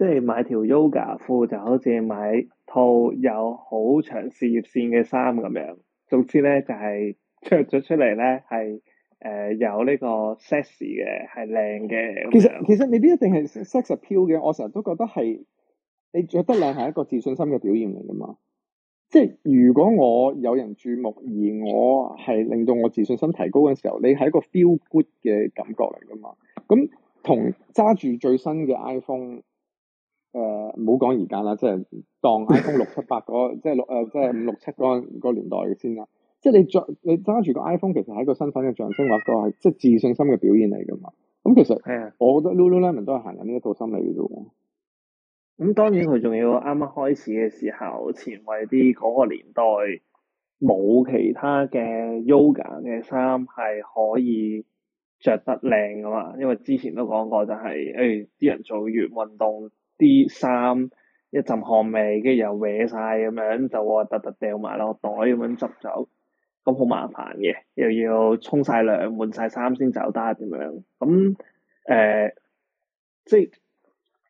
即係買條 yoga 褲就好似買套有好長事業線嘅衫咁樣，總之咧就係着咗出嚟咧係誒有呢個 sexy 嘅係靚嘅。其實其實未必一定係 sex appeal 嘅，我成日都覺得係你着得靚係一個自信心嘅表現嚟㗎嘛。即係如果我有人注目而我係令到我自信心提高嘅時候，你係一個 feel good 嘅感覺嚟㗎嘛。咁同揸住最新嘅 iPhone。誒唔好講而家啦，即係當 iPhone 六七八嗰個， <laughs> 即係六誒，即係五六七嗰年代嘅先啦。即係你著你揸住個 iPhone，其實係個身份嘅象徵或個係即係自信心嘅表現嚟噶嘛。咁其實我覺得 Lululemon 都係行緊呢一套心理嘅啫。咁、嗯、當然佢仲要啱啱開始嘅時候前衞啲嗰個年代，冇其他嘅 yoga 嘅衫係可以着得靚噶嘛。因為之前都講過、就係，就係誒啲人做完運動。啲衫一陣汗味，跟住又歪晒，咁樣，就我突突掉埋落袋咁樣執走，咁好麻煩嘅，又要沖晒涼換晒衫先走得點樣？咁、嗯、誒、呃，即係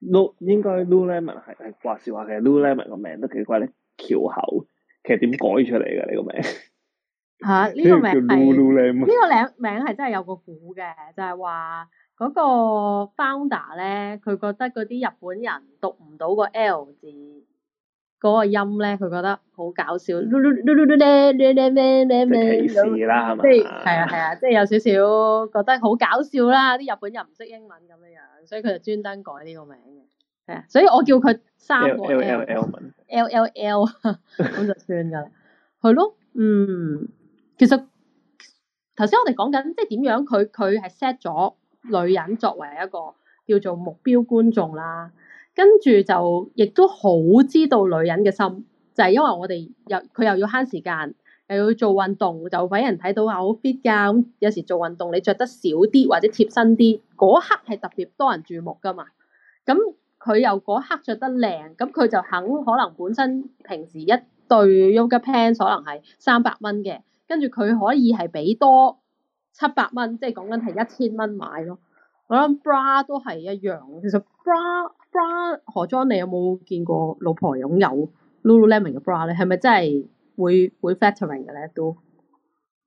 Loo 應該 Lululemon 係係話時話嘅，Lululemon 個名都幾鬼巧口，其實點改出嚟嘅你個名、啊這個名？吓、 <laughs> 啊？呢、這個名 Lululemon？呢 <laughs> 個名名係真係有個古嘅，就係話。嗰個 founder 咧，佢覺得嗰啲日本人讀唔到個 L 字嗰個音咧，佢覺得好搞笑，lu lu lu lu 咧咧咧咧咧咁，即係係啊係啊，即係有少少覺得好搞笑啦！啲日本人唔識英文咁樣樣，所以佢就專登改呢個名嘅，係啊，所以我叫佢三個 L L L 文 L L L 啊，咁就算㗎啦，係咯，嗯，其實頭先我哋講緊即係點樣，佢佢係 set 咗。女人作為一個叫做目標觀眾啦，跟住就亦都好知道女人嘅心，就係因為我哋又佢又要慳時間，又要做運動，就俾人睇到啊好 fit 噶，咁有時做運動你着得少啲或者貼身啲，嗰刻係特別多人注目噶嘛。咁佢又嗰刻着得靚，咁佢就肯可能本身平時一對 yoga pants 可能係三百蚊嘅，跟住佢可以係俾多。七百蚊，即係講緊係一千蚊買咯。我諗 bra 都係一樣。其實 bra bra 何裝，你有冇見過老婆擁有 Lululemon 嘅 bra 咧？係咪真係會會 fettering 嘅咧？都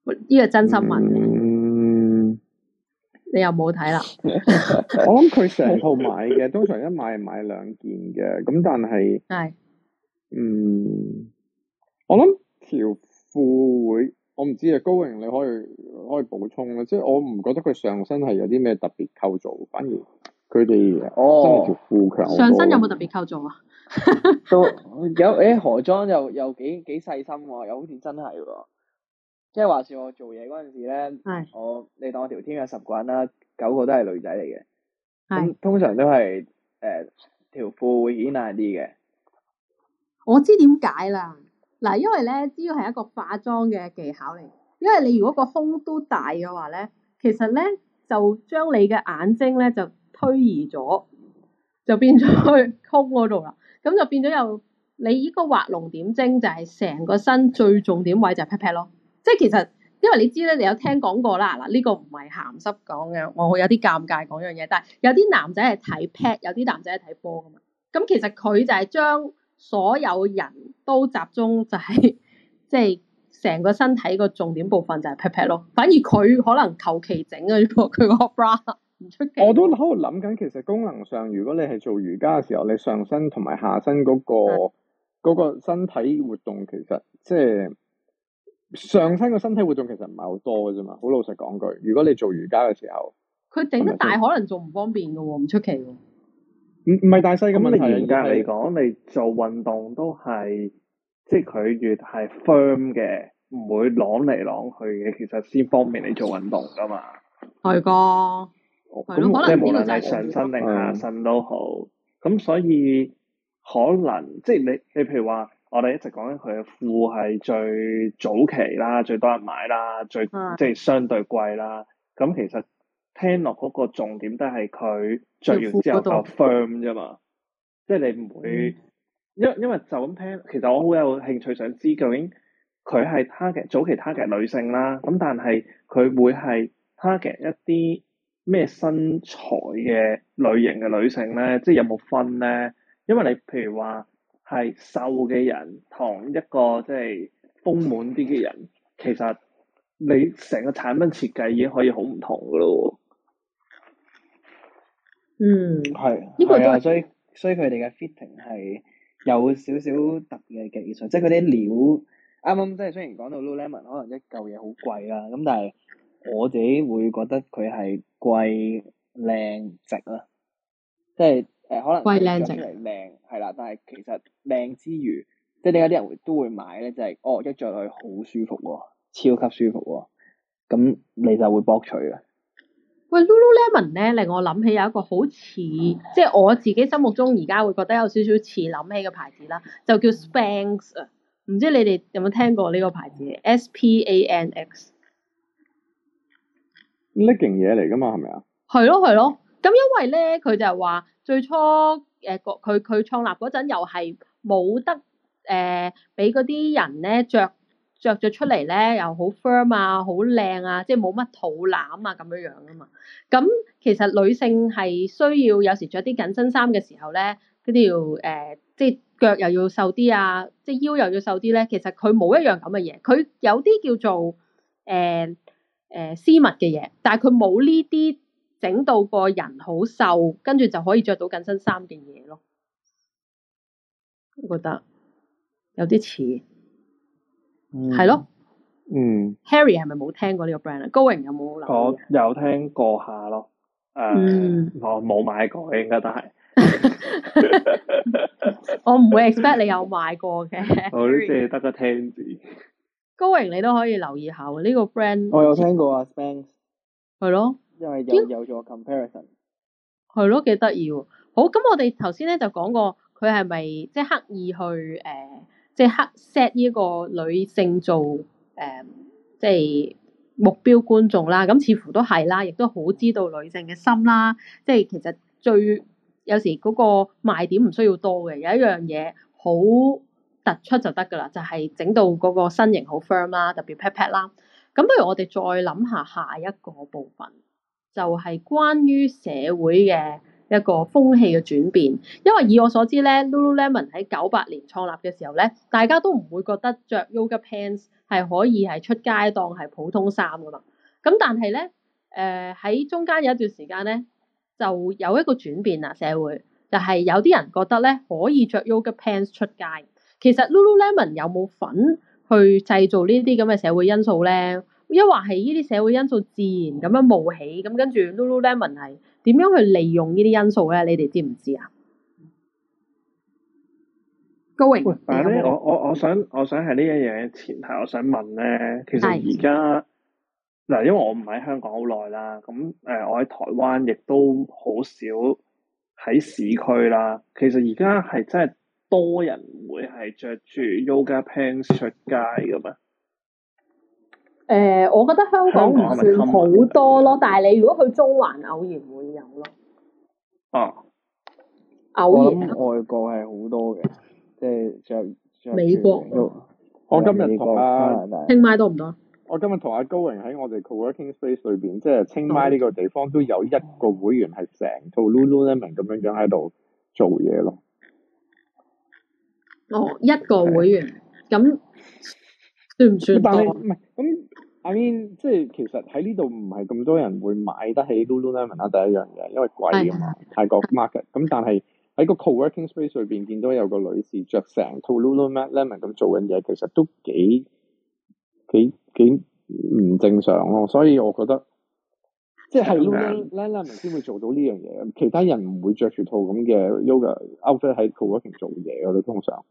呢個真心問嘅。嗯、你又冇睇啦？ <laughs> 我諗佢成套買嘅，通常一買係買兩件嘅。咁但係係是嗯，我諗條褲會。我唔知啊，高榮你可以可以補充咧，即係我唔覺得佢上身係有啲咩特別構造，反而佢哋哦條富強上身有冇特別構造啊？ <laughs> 都有誒、欸，何裝又又幾幾細心喎、啊，又好似真係喎、啊。即係話說我做嘢嗰陣時咧，是我你當我條天嘅習慣啦，九個都係女仔嚟嘅，咁是、嗯、通常都係誒條褲會顯下啲嘅。我知點解啦。嗱，因為咧，主要係一個化妝嘅技巧嚟。因為你如果個胸都大嘅話咧，其實咧就將你嘅眼睛咧就推移咗，就變咗去胸嗰度啦。咁就變咗有，你呢個畫龍點睛就係成個身最重點位就係 pat pat 咯。即係其實，因為你知咧，你有聽講過啦。嗱，呢個唔係鹹濕講嘅，我有啲尷尬講樣嘢，但係有啲男仔係睇 pat，有啲男仔係睇波㗎嘛。咁其實佢就係將。所有人都集中就係、是、即係成個身體個重點部分就係 pat pat 咯，反而佢可能求其整嘅個佢個 bra 唔出奇。我都喺度諗緊，其實功能上，如果你係做瑜伽嘅時候，你上身同埋下身嗰、嗰個個身體活動，其實即係上身個身體活動其實唔係好多嘅啫嘛。好老實講句，如果你做瑜伽嘅時候，佢整得大可能仲唔方便嘅喎、啊，唔出奇。唔唔係大細咁樣，嚴格嚟講，講是你做運動都係，即係佢越係 firm 嘅，唔會晾嚟晾去嘅，其實先方便你做運動噶嘛。係噶過，咁即係無論係上身定下身都好。咁、嗯、所以可能即係你你譬如話，我哋一直講緊佢嘅褲係最早期啦，最多人買啦，最的即係相對貴啦。咁其實。聽落嗰個重點都係佢着完之後就 firm 啫嘛，即係你唔會，因為因為就咁聽，其實我好有興趣想知究竟佢係 target，早期 target 女性啦，咁但係佢會係 target 一啲咩身材嘅類型嘅女性咧，即係有冇分咧？因為你譬如話係瘦嘅人同一個即係豐滿啲嘅人，其實你成個產品設計已經可以好唔同噶咯。嗯，係是，呢個就係、是，所以所以佢哋嘅 fitting 係有少少特別嘅技術，即係嗰啲料，啱啱即係雖然講到 Lululemon 可能一嚿嘢好貴啦，咁但係我自己會覺得佢係貴靚值啦，即係誒、呃、可能貴靚值靚係啦，但係其實靚之餘，即係點解啲人會都會買咧？就係、是、哦，一着去好舒服喎、哦，超級舒服喎、哦，咁你就會博取啊！喂，Lululemon 咧，令我諗起有一個好似，即係我自己心目中而家會覺得有少少似諗起嘅牌子啦，就叫 Spanx，唔知你哋有冇聽過呢個牌子？S P A N X，legging 嘢嚟㗎嘛，係咪啊？係咯，係咯，咁因為咧，佢就係話最初，誒、呃，佢佢創立嗰陣又係冇得誒俾嗰啲人咧着。着咗出嚟咧，又好 firm 啊，好靚啊，即係冇乜肚腩啊，咁樣樣啊嘛。咁其實女性係需要有時着啲緊身衫嘅時候咧，嗰條誒，即係、呃、腳又要瘦啲啊，即係腰又要瘦啲咧。其實佢冇一樣咁嘅嘢，佢有啲叫做誒誒絲襪嘅嘢，但係佢冇呢啲整到個人好瘦，跟住就可以着到緊身衫嘅嘢咯。我覺得有啲似。係咯，嗯，的嗯，Harry 係咪冇聽過呢個 brand 啊？高榮有冇留意？我有聽過下咯，誒、嗯，uh, 我冇買過應該，都係，我唔會 expect 你有買過嘅。 <laughs> 我呢啲得個聽字。高榮你都可以留意下喎，呢、這個 brand。我有聽過啊 Spanx 係咯，的因為有有咗 comparison。係咯，幾得意喎！好，咁我哋頭先咧就講過，佢係咪即係刻意去誒？Uh, 即刻 set 呢一個女性做誒、嗯，即係目標觀眾啦。咁似乎都係啦，亦都好知道女性嘅心啦。即係其實最有時嗰個賣點唔需要多嘅，有一樣嘢好突出就得㗎啦，就係、是、整到嗰個身形好 firm 啦，特別 pat pat 啦。咁不如我哋再諗下下一個部分，就係、是、關於社會嘅。一個風氣嘅轉變，因為以我所知咧，Lululemon 喺九八年創立嘅時候咧，大家都唔會覺得着 yoga pants 係可以係出街當係普通衫㗎喇。咁但係咧，誒、呃、喺中間有一段時間咧，就有一個轉變啦，社會就係、是、有啲人覺得咧可以着 yoga pants 出街。其實 Lululemon 有冇份去製造呢啲咁嘅社會因素咧？一或係呢啲社會因素自然咁樣冒起，咁跟住 Lululemon 係。點樣去利用呢啲因素咧？你哋知唔知啊？高穎喂，我我我想我想係呢一樣嘢前提，我想問咧，其實而家嗱，的因為我唔喺香港好耐啦，咁誒，我喺台灣亦都好少喺市區啦。其實而家係真係多人會係着住 yoga pants 出街噶嘛？誒、呃，我覺得香港唔算好多咯，但係你如果去中環，偶然會有咯。啊！偶然外國係好多嘅，即係美國。我今日同阿清邁多唔多？我今日同阿高榮喺我哋 co-working space 裏邊，即係清邁呢個地方都有一個會員係成套 Lululemon 咁樣樣喺度做嘢咯。哦，一個會員咁。Okay. 對算唔算？但係唔係咁，I mean，即係其實喺呢度唔係咁多人會買得起 Lululemon 啊第一樣嘢，因為貴啊嘛， <laughs> 泰國 market。咁但係喺個 co-working space 裏邊見到有個女士着成套 Lululemon 咁做緊嘢，其實都幾幾幾唔正常咯。所以我覺得即係、就是、Lululemon <laughs> 先會做到呢樣嘢，其他人唔會着住套咁嘅 yoga outfit 喺 co-working 做嘢我咯，通常。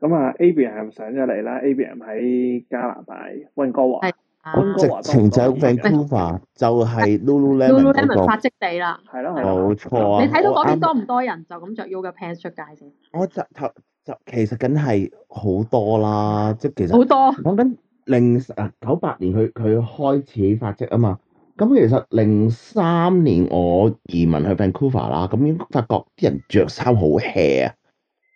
咁啊、嗯、a b、I、m 上咗嚟啦 a b、I、m 喺加拿大溫哥華。溫、啊、哥華城、啊、就喺溫哥華，就係 Lululemon 發迹地啦。係咯，冇錯啊！你睇到嗰邊多唔多人？就咁着 u 嘅 pants 出街先。我集頭集其實梗係好多啦，即係其實好多。講緊零啊九八年，佢佢開始發迹啊嘛。咁其實零三年我移民去溫哥華啦，咁已經發覺啲人着衫好 hea 啊！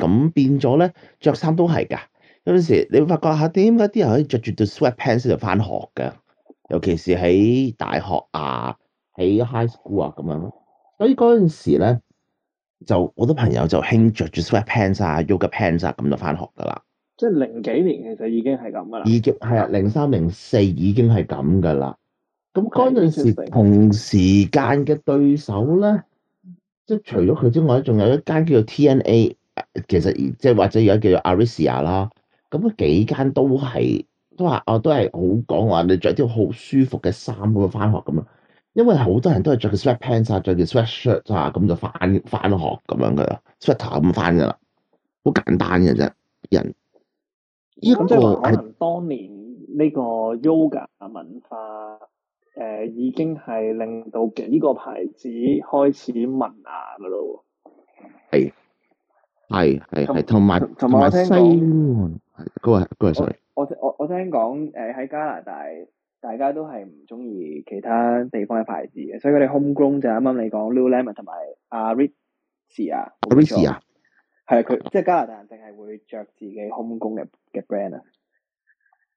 咁變咗咧，着衫都係㗎。有陣時你會發覺下點解啲人可以着住對 sweat pants 就翻學㗎？尤其是喺大學啊，喺 high school 啊咁樣。所以嗰陣時咧，就好多朋友就興着住 sweat pants 啊、yoga pants 啊咁就翻學㗎啦。即係零幾年其實已經係咁㗎啦，已經係啊，零三零四已經係咁㗎啦。咁嗰陣時同時間嘅對手咧，即係除咗佢之外，仲有一間叫做 TNA。其實即係或者而家叫做 Arisia 啦，咁幾間都係、哦、都話，我都係好講話，你着啲好舒服嘅衫咁樣翻學咁啊，因為好多人都係着個 sweat pants 啊，着件 sweat shirt 啊，咁就翻翻學咁樣噶啦，sweater 咁翻噶啦，好簡單嘅啫，人。咁即係可能當年呢個 yoga 文化，誒、呃，已經係令到幾個牌子開始萌芽噶咯。係。係係係，同埋同埋西講，係嗰位嗰位 sorry。我我我聽講，誒喺，加拿大，大家都係唔中意其他地方嘅牌子嘅，所以佢哋 homegrown 就啱啱你講 Lululemon 同埋阿 Ricia。Ricia 係佢即係加拿大人，淨係會着自己 homegrown 嘅嘅 brand 啊、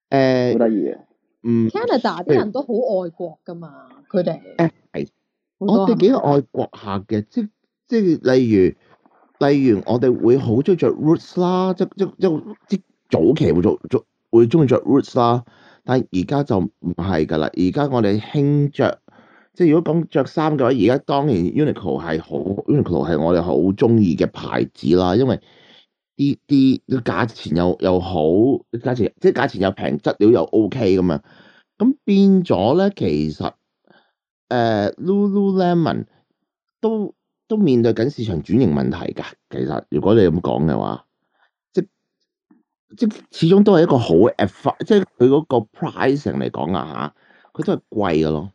呃。誒，好得意啊。嗯。Canada 啲人都好愛國噶嘛，佢哋誒係，我哋幾愛國下嘅，即即係例如。例如我哋會好中意着 roots 啦，即即即啲早期會著著會中意着 roots 啦，但係而家就唔係㗎啦。而家我哋興着，即係如果講着衫嘅話，而家當然 Uniqlo 係好，Uniqlo 係我哋好中意嘅牌子啦，因為啲啲價錢又又好價錢，即係價錢又平，質料又 OK 咁樣。咁變咗咧，其實，呃，Lululemon 都，都面對緊市場轉型問題㗎。其實如果你咁講嘅話，即即始終都係一個好 effic，即係佢嗰個 pricing 嚟講啊嚇，佢、就是、都係貴嘅咯。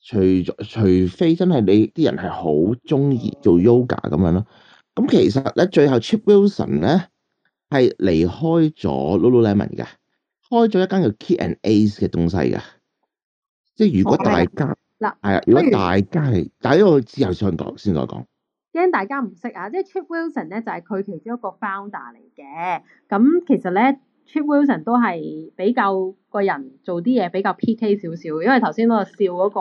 除咗除非真係你啲人係好鍾意做 yoga 咁樣咯，咁其實咧最後 Chip Wilson 咧係離開咗 Lululemon 嘅，開咗一間叫 Kit and Ace 嘅東西嘅。即係如果大家。嗱，係啊啦！如果大家係，但係如我之後先講，先再講。驚大家唔識啊！即係 Chip Wilson 咧，就係、是、佢其中一個 founder 嚟嘅。咁其實咧，Chip Wilson 都係比較個人做啲嘢比較 PK 少少。因為頭先我笑嗰、那個、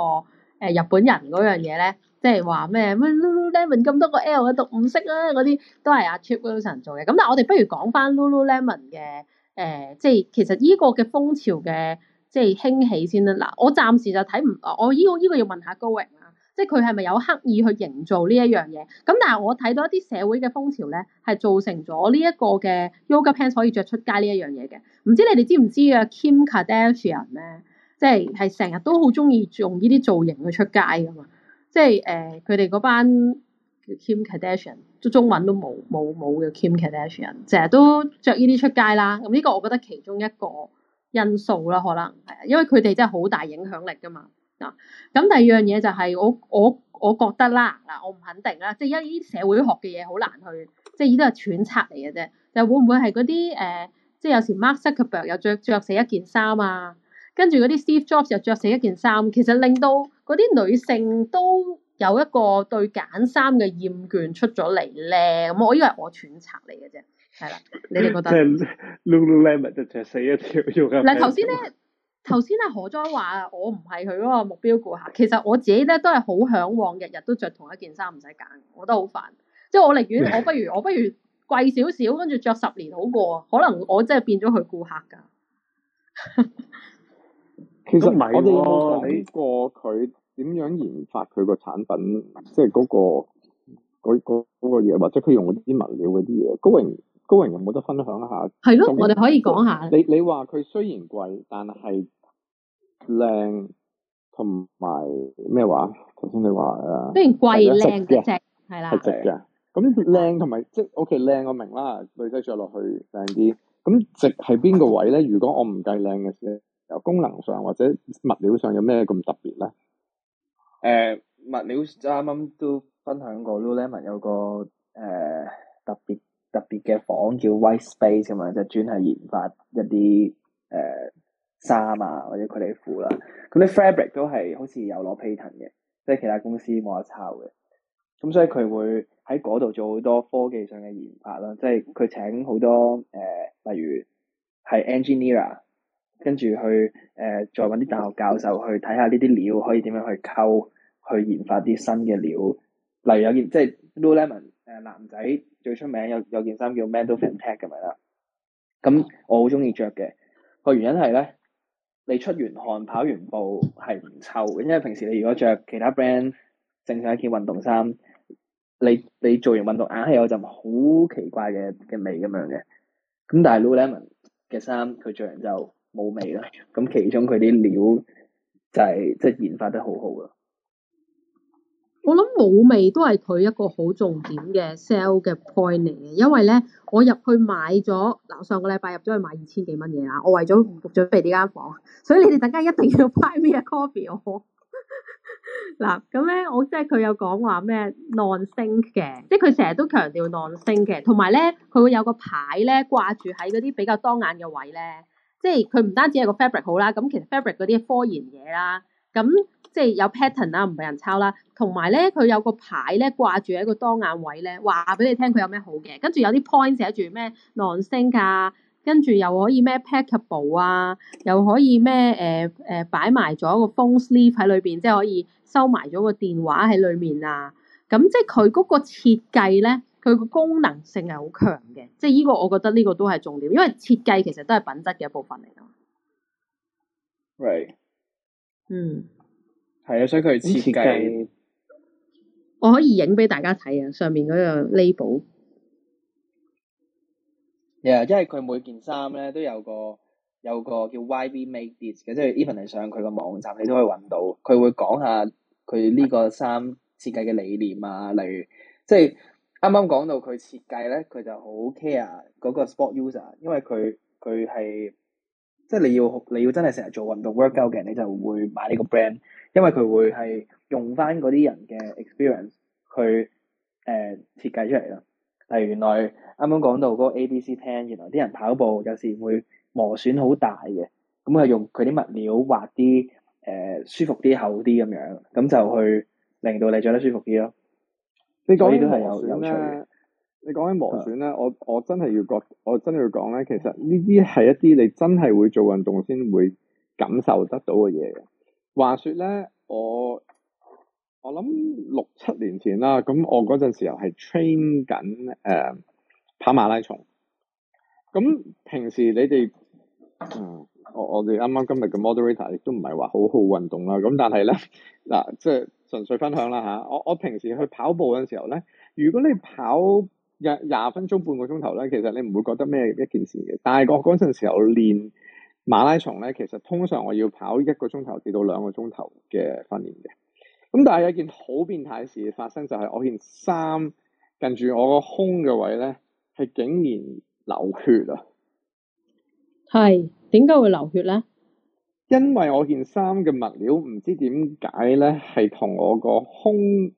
呃、日本人嗰樣嘢咧，即係話咩？咩 Lululemon 咁多個 L 啊，讀唔識啊，嗰啲都係阿 Chip Wilson 做嘅。咁但係我哋不如講返 Lululemon 嘅誒、呃，即係其實呢個嘅風潮嘅。即係興起先啦。嗱，我暫時就睇唔，我依個依個要問下高榮啊。即係佢係咪有刻意去營造呢一樣嘢？咁但係我睇到一啲社會嘅風潮咧，係造成咗呢一個嘅 yoga pants 可以着出街呢一樣嘢嘅。唔知你哋知唔知啊？Kim Kardashian 咧，即係係成日都好中意用呢啲造型去出街噶嘛。即係誒，佢哋嗰班 Kim Kardashian，中中文都冇冇冇嘅 Kim Kardashian，成日都着呢啲出街啦。咁呢個我覺得其中一個。因素啦，可能係啊，因為佢哋真係好大影響力噶嘛。嗱，咁第二樣嘢就係、是、我我我覺得啦，嗱，我唔肯定啦，即係一啲社會學嘅嘢好難去，即係呢都係揣測嚟嘅啫。又會唔會係嗰啲誒，即係有時 Mark Zuckerberg 又着著死一件衫啊，跟住嗰啲 Steve Jobs 又着死一件衫，其實令到嗰啲女性都有一個對揀衫嘅厭倦出咗嚟咧。咁我依係我揣測嚟嘅啫。係啦，你哋覺得即係 <laughs> Lululemon 就著死一條，要嗱，頭先咧，頭先阿何莊話我唔係佢嗰個目標顧客。其實我自己咧都係好向往，日日都着同一件衫，唔使揀，我覺得好煩。即係我寧願我不如我不如貴少少，跟住着十年好過。可能我真係變咗佢顧客㗎。 <laughs> 其實、哦、 <laughs> 我哋有睇過佢點樣研發佢個產品？即係嗰個嗰、嗰個嘢、嗰個，或者佢用啲物料嗰啲嘢，高榮。高榮有冇得分享一下？係咯的，面我哋可以講下。你你話佢雖然貴，但係靚同埋咩話？頭先你話誒，雖然貴靚，的亮值係的啦，係值嘅。咁靚同埋即係 OK，靚我明啦，女仔着落去靚啲。咁值係邊個位咧？如果我唔計靚嘅時有功能上或者物料上有咩咁特別咧？誒、呃，物料就啱啱都分享過，Lululemon 有個誒、呃、特別。特別嘅房叫 White Space 啊嘛，就專係研發一啲誒衫啊或者佢哋褲啦。咁、啊、啲 fabric 都係好似有攞 patent 嘅，即係其他公司冇得抄嘅。咁所以佢會喺嗰度做好多科技上嘅研發啦。即係佢請好多誒、呃，例如係 engineer，跟住去誒、呃、再揾啲大學教授去睇下呢啲料可以點樣去溝去研發啲新嘅料。例如有件即係 Lululemon。誒、呃、男仔最出名有有件衫叫 Man to Fantastic 咁樣啦，咁我好中意着嘅個原因係咧，你出完汗跑完步係唔臭，因為平時你如果着其他 brand 正常一件運動衫，你你做完運動硬係有陣好奇怪嘅嘅味咁樣嘅，咁但係 Lululemon 嘅衫佢着完就冇味咯，咁其中佢啲料就係即係研發得好好啊～我諗冇味都係佢一個好重點嘅 sell 嘅 point 嚟嘅，因為咧我入去買咗嗱上個禮拜入咗去買二千幾蚊嘢啊，我為咗讀準，準備呢間房，所以你哋等間一,一定要拍 u y copy 我嗱咁咧，我、non、即係佢有講話咩 non-stink 嘅，即係佢成日都強調 non-stink 嘅，同埋咧佢會有個牌咧掛住喺嗰啲比較當眼嘅位咧，即係佢唔單止係個 fabric 好啦，咁其實 fabric 嗰啲科研嘢啦，咁。即係有 pattern 啦，唔俾人抄啦。同埋咧，佢有個牌咧掛住喺個當眼位咧，話俾你聽佢有咩好嘅。跟住有啲 point 寫住咩 long staying 啊，跟住、er, 又可以咩 packable 啊，又可以咩誒誒擺埋咗個 phone sleeve 喺裏邊，即係可以收埋咗個電話喺裡面啊。咁即係佢嗰個設計咧，佢個功能性係好強嘅。即係呢個，我覺得呢個都係重點，因為設計其實都係品質嘅一部分嚟㗎嘛。Right。嗯。係啊，所以佢設計，設計我可以影俾大家睇啊，上面嗰個 label。Yeah, 因為佢每件衫咧都有個，有個叫 YB Make This 嘅，即係 even 嚟上佢個網站，你都可以揾到。佢會講下佢呢個衫設計嘅理念啊，例如，即係啱啱講到佢設計咧，佢就好 care 嗰個 sport user，因為佢佢係。即係你要你要真係成日做運動 workout 嘅，你就會買呢個 brand，因為佢會係用翻嗰啲人嘅 experience 去誒、呃、設計出嚟咯。但係原來啱啱講到嗰個 ABC plan，原來啲人跑步有時會磨損好大嘅，咁係用佢啲物料滑啲、誒舒服啲、厚啲咁樣，咁就去令到你着得舒服啲咯。呢個都係有有趣。你講緊磨損咧，我我真係要覺，我真係要講咧，其實呢啲係一啲你真係會做運動先會感受得到嘅嘢嘅。話說咧，我我諗六七年前啦，咁我嗰陣時候係 train 緊誒、呃、跑馬拉松。咁平時你哋，嗯，我我哋啱啱今日嘅 moderator 亦都唔係話好好運動啦、啊。咁但係咧，嗱，即係純粹分享啦吓，我我平時去跑步嘅時候咧，如果你跑，廿廿分鐘半個鐘頭咧，其實你唔會覺得咩一件事嘅。但係我嗰陣時候練馬拉松咧，其實通常我要跑一個鐘頭至到兩個鐘頭嘅訓練嘅。咁但係有一件好變態嘅事發生，就係我件衫近住我個胸嘅位咧，係竟然流血啊！係點解會流血咧？因為我件衫嘅物料唔知點解咧，係同我個胸，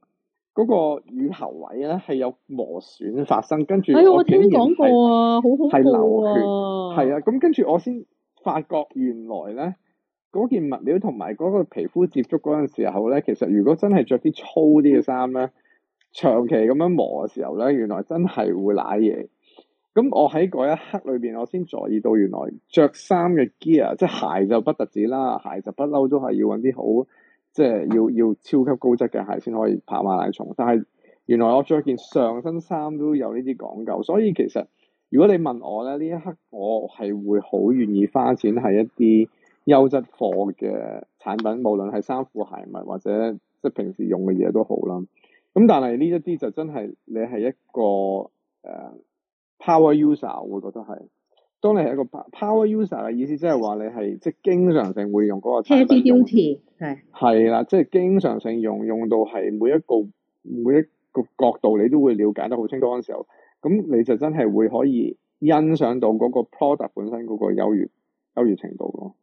嗰個乳頭位咧，係有磨損發生，跟住我竟然係、哎啊啊、流血。係啊，咁跟住我先發覺原來咧，嗰件物料同埋嗰個皮膚接觸嗰陣時候咧，其實如果真係着啲粗啲嘅衫咧，長期咁樣磨嘅時候咧，原來真係會瀨嘢。咁我喺嗰一刻裏邊，我先在意到原來着衫嘅 gear，即係鞋就不得止啦，鞋就不嬲都係要揾啲好。即係要要超級高質嘅鞋先可以跑馬拉松，但係原來我着件上身衫都有呢啲講究，所以其實如果你問我咧，呢一刻我係會好願意花錢喺一啲優質貨嘅產品，無論係衫褲鞋襪或者即係平時用嘅嘢都好啦。咁但係呢一啲就真係你係一個誒 power user 我會覺得係。當你係一個 power user 嘅意思，即係話你係即係經常性會用嗰個產品，係係啦，即係經常性用，用到係每一個每一個角度，你都會了解得好清楚嘅時候，咁你就真係會可以欣賞到嗰個 product 本身嗰個優越優越程度咯。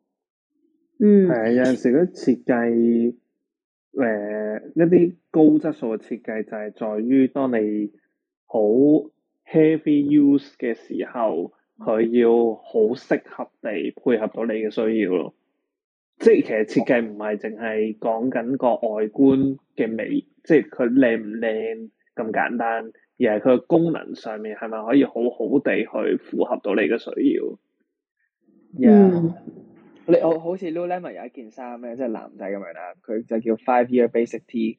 嗯，係、呃、有陣時嗰啲設計誒一啲高質素嘅設計就係在於，當你好 heavy use 嘅時候。佢要好適合地配合到你嘅需要咯，即係其實設計唔係淨係講緊個外觀嘅美，即係佢靚唔靚咁簡單，而係佢個功能上面係咪可以好好地去符合到你嘅需要？Yeah. mm. 你好似 Lululemon 有一件衫咧，即係男仔咁樣啦，佢就叫 Five Year Basic T，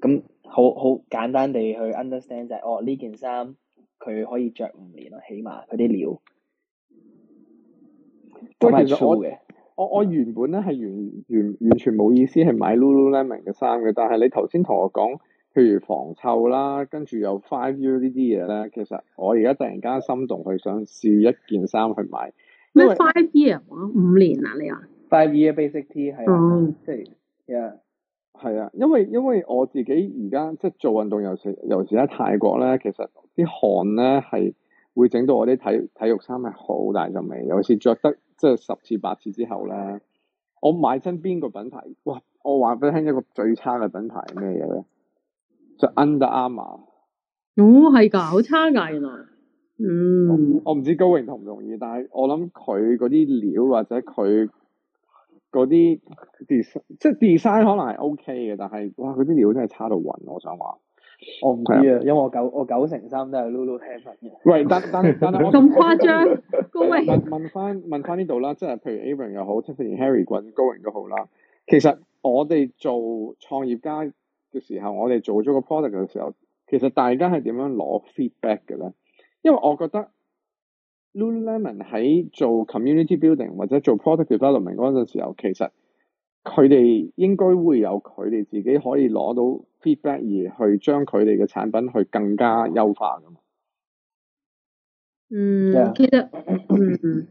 咁好好簡單地去 understand 就係，哦，呢件衫佢可以着五年咯，起碼佢啲料。都係錯嘅。我我原本咧係完完完全冇意思係買 Lululemon 嘅衫嘅，但係你頭先同我講，譬如防臭啦，跟住有 five year 呢啲嘢咧，其實我而家突然間心動去想試一件衫去買。咩 five year？五年，年啊，你話？five year basic T 係即係誒係啊，因為因為我自己而家即係做運動尤其尤其喺泰國咧，其實啲汗咧係。會整到我啲體體育衫係好大陣味，尤其是着得即係、就是、十次八次之後咧，我買親邊個品牌？哇！我話俾你聽一個最差嘅品牌係咩嘢咧？就 Under Armour。哦，係㗎，好差㗎，原來。嗯，我唔知高榮同唔同意，但係我諗佢嗰啲料或者佢嗰啲 design，即係 design 可能係 OK 嘅，但係哇，佢啲料真係差到暈，我想話。我唔知啊，因為我九我九成三都係 Lululemon 嘅。喂、right，但但但咁誇張，高穎？ <laughs> <laughs> 問問翻問翻呢度啦，即係譬如 Abram 又好，七十年 Harry 滾，高穎都好啦。其實我哋做創業家嘅時候，我哋做咗個 product 嘅時候，其實大家係點樣攞 feedback 嘅咧？因為我覺得 Lulu Lemon 喺做 community building 或者做 product development 嗰陣時候，其實佢哋應該會有佢哋自己可以攞到。而去將佢哋嘅產品去更加優化㗎嘛？嗯有有、 <laughs> oh，其實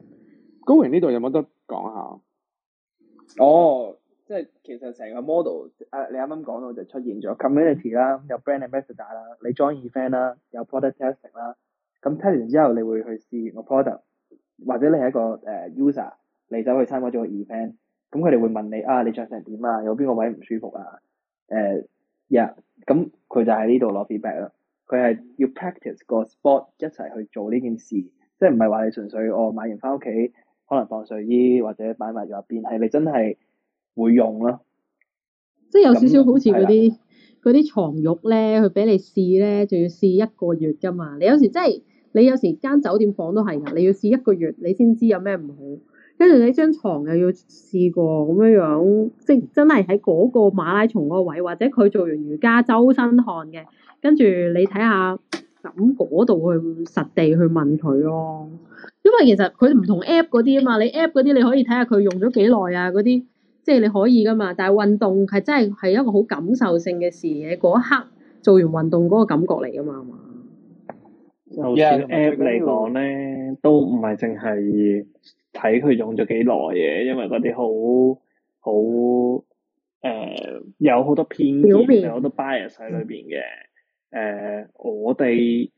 高榮呢度有冇得講下？哦，即係其實成個 model 啊，你啱啱講到就出現咗 community 啦，有 brand ambassador 啦，你 join event 啦，有 product testing 啦。咁 test 完之後，你會去試個 product，或者你係一個誒、呃、user，你走去參加咗個 event，咁佢哋會問你啊，你着成點啊？有邊個位唔舒服啊？誒、呃。呃呀，咁佢、yeah, 就喺呢度攞 feedback 啦。佢係要 practice 個 sport 一齊去做呢件事，即係唔係話你純粹哦買完返屋企可能放睡衣或者擺埋咗入邊，係你真係會用咯。即係有少少好似嗰啲嗰啲床褥咧，佢俾你試咧，就要試一個月噶嘛。你有時，即係你有時間酒店房都係噶，你要試一個月你先知有咩唔好。跟住你張床又要試過咁樣樣，即係真係喺嗰個馬拉松嗰個位，或者佢做完瑜伽周身汗嘅，跟住你睇下咁嗰度去實地去問佢咯、哦。因為其實佢唔同 app 嗰啲啊嘛，你 app 嗰啲你可以睇下佢用咗幾耐啊嗰啲，即係你可以噶嘛。但係運動係真係係一個好感受性嘅事嘢，嗰一刻做完運動嗰個感覺嚟噶嘛。係嘛，就算 app 嚟講咧， <laughs> 都唔係淨係睇佢用咗幾耐嘅，因為嗰啲好好、誒有好多偏見，有好多 bias 喺裏邊嘅。誒、呃，我哋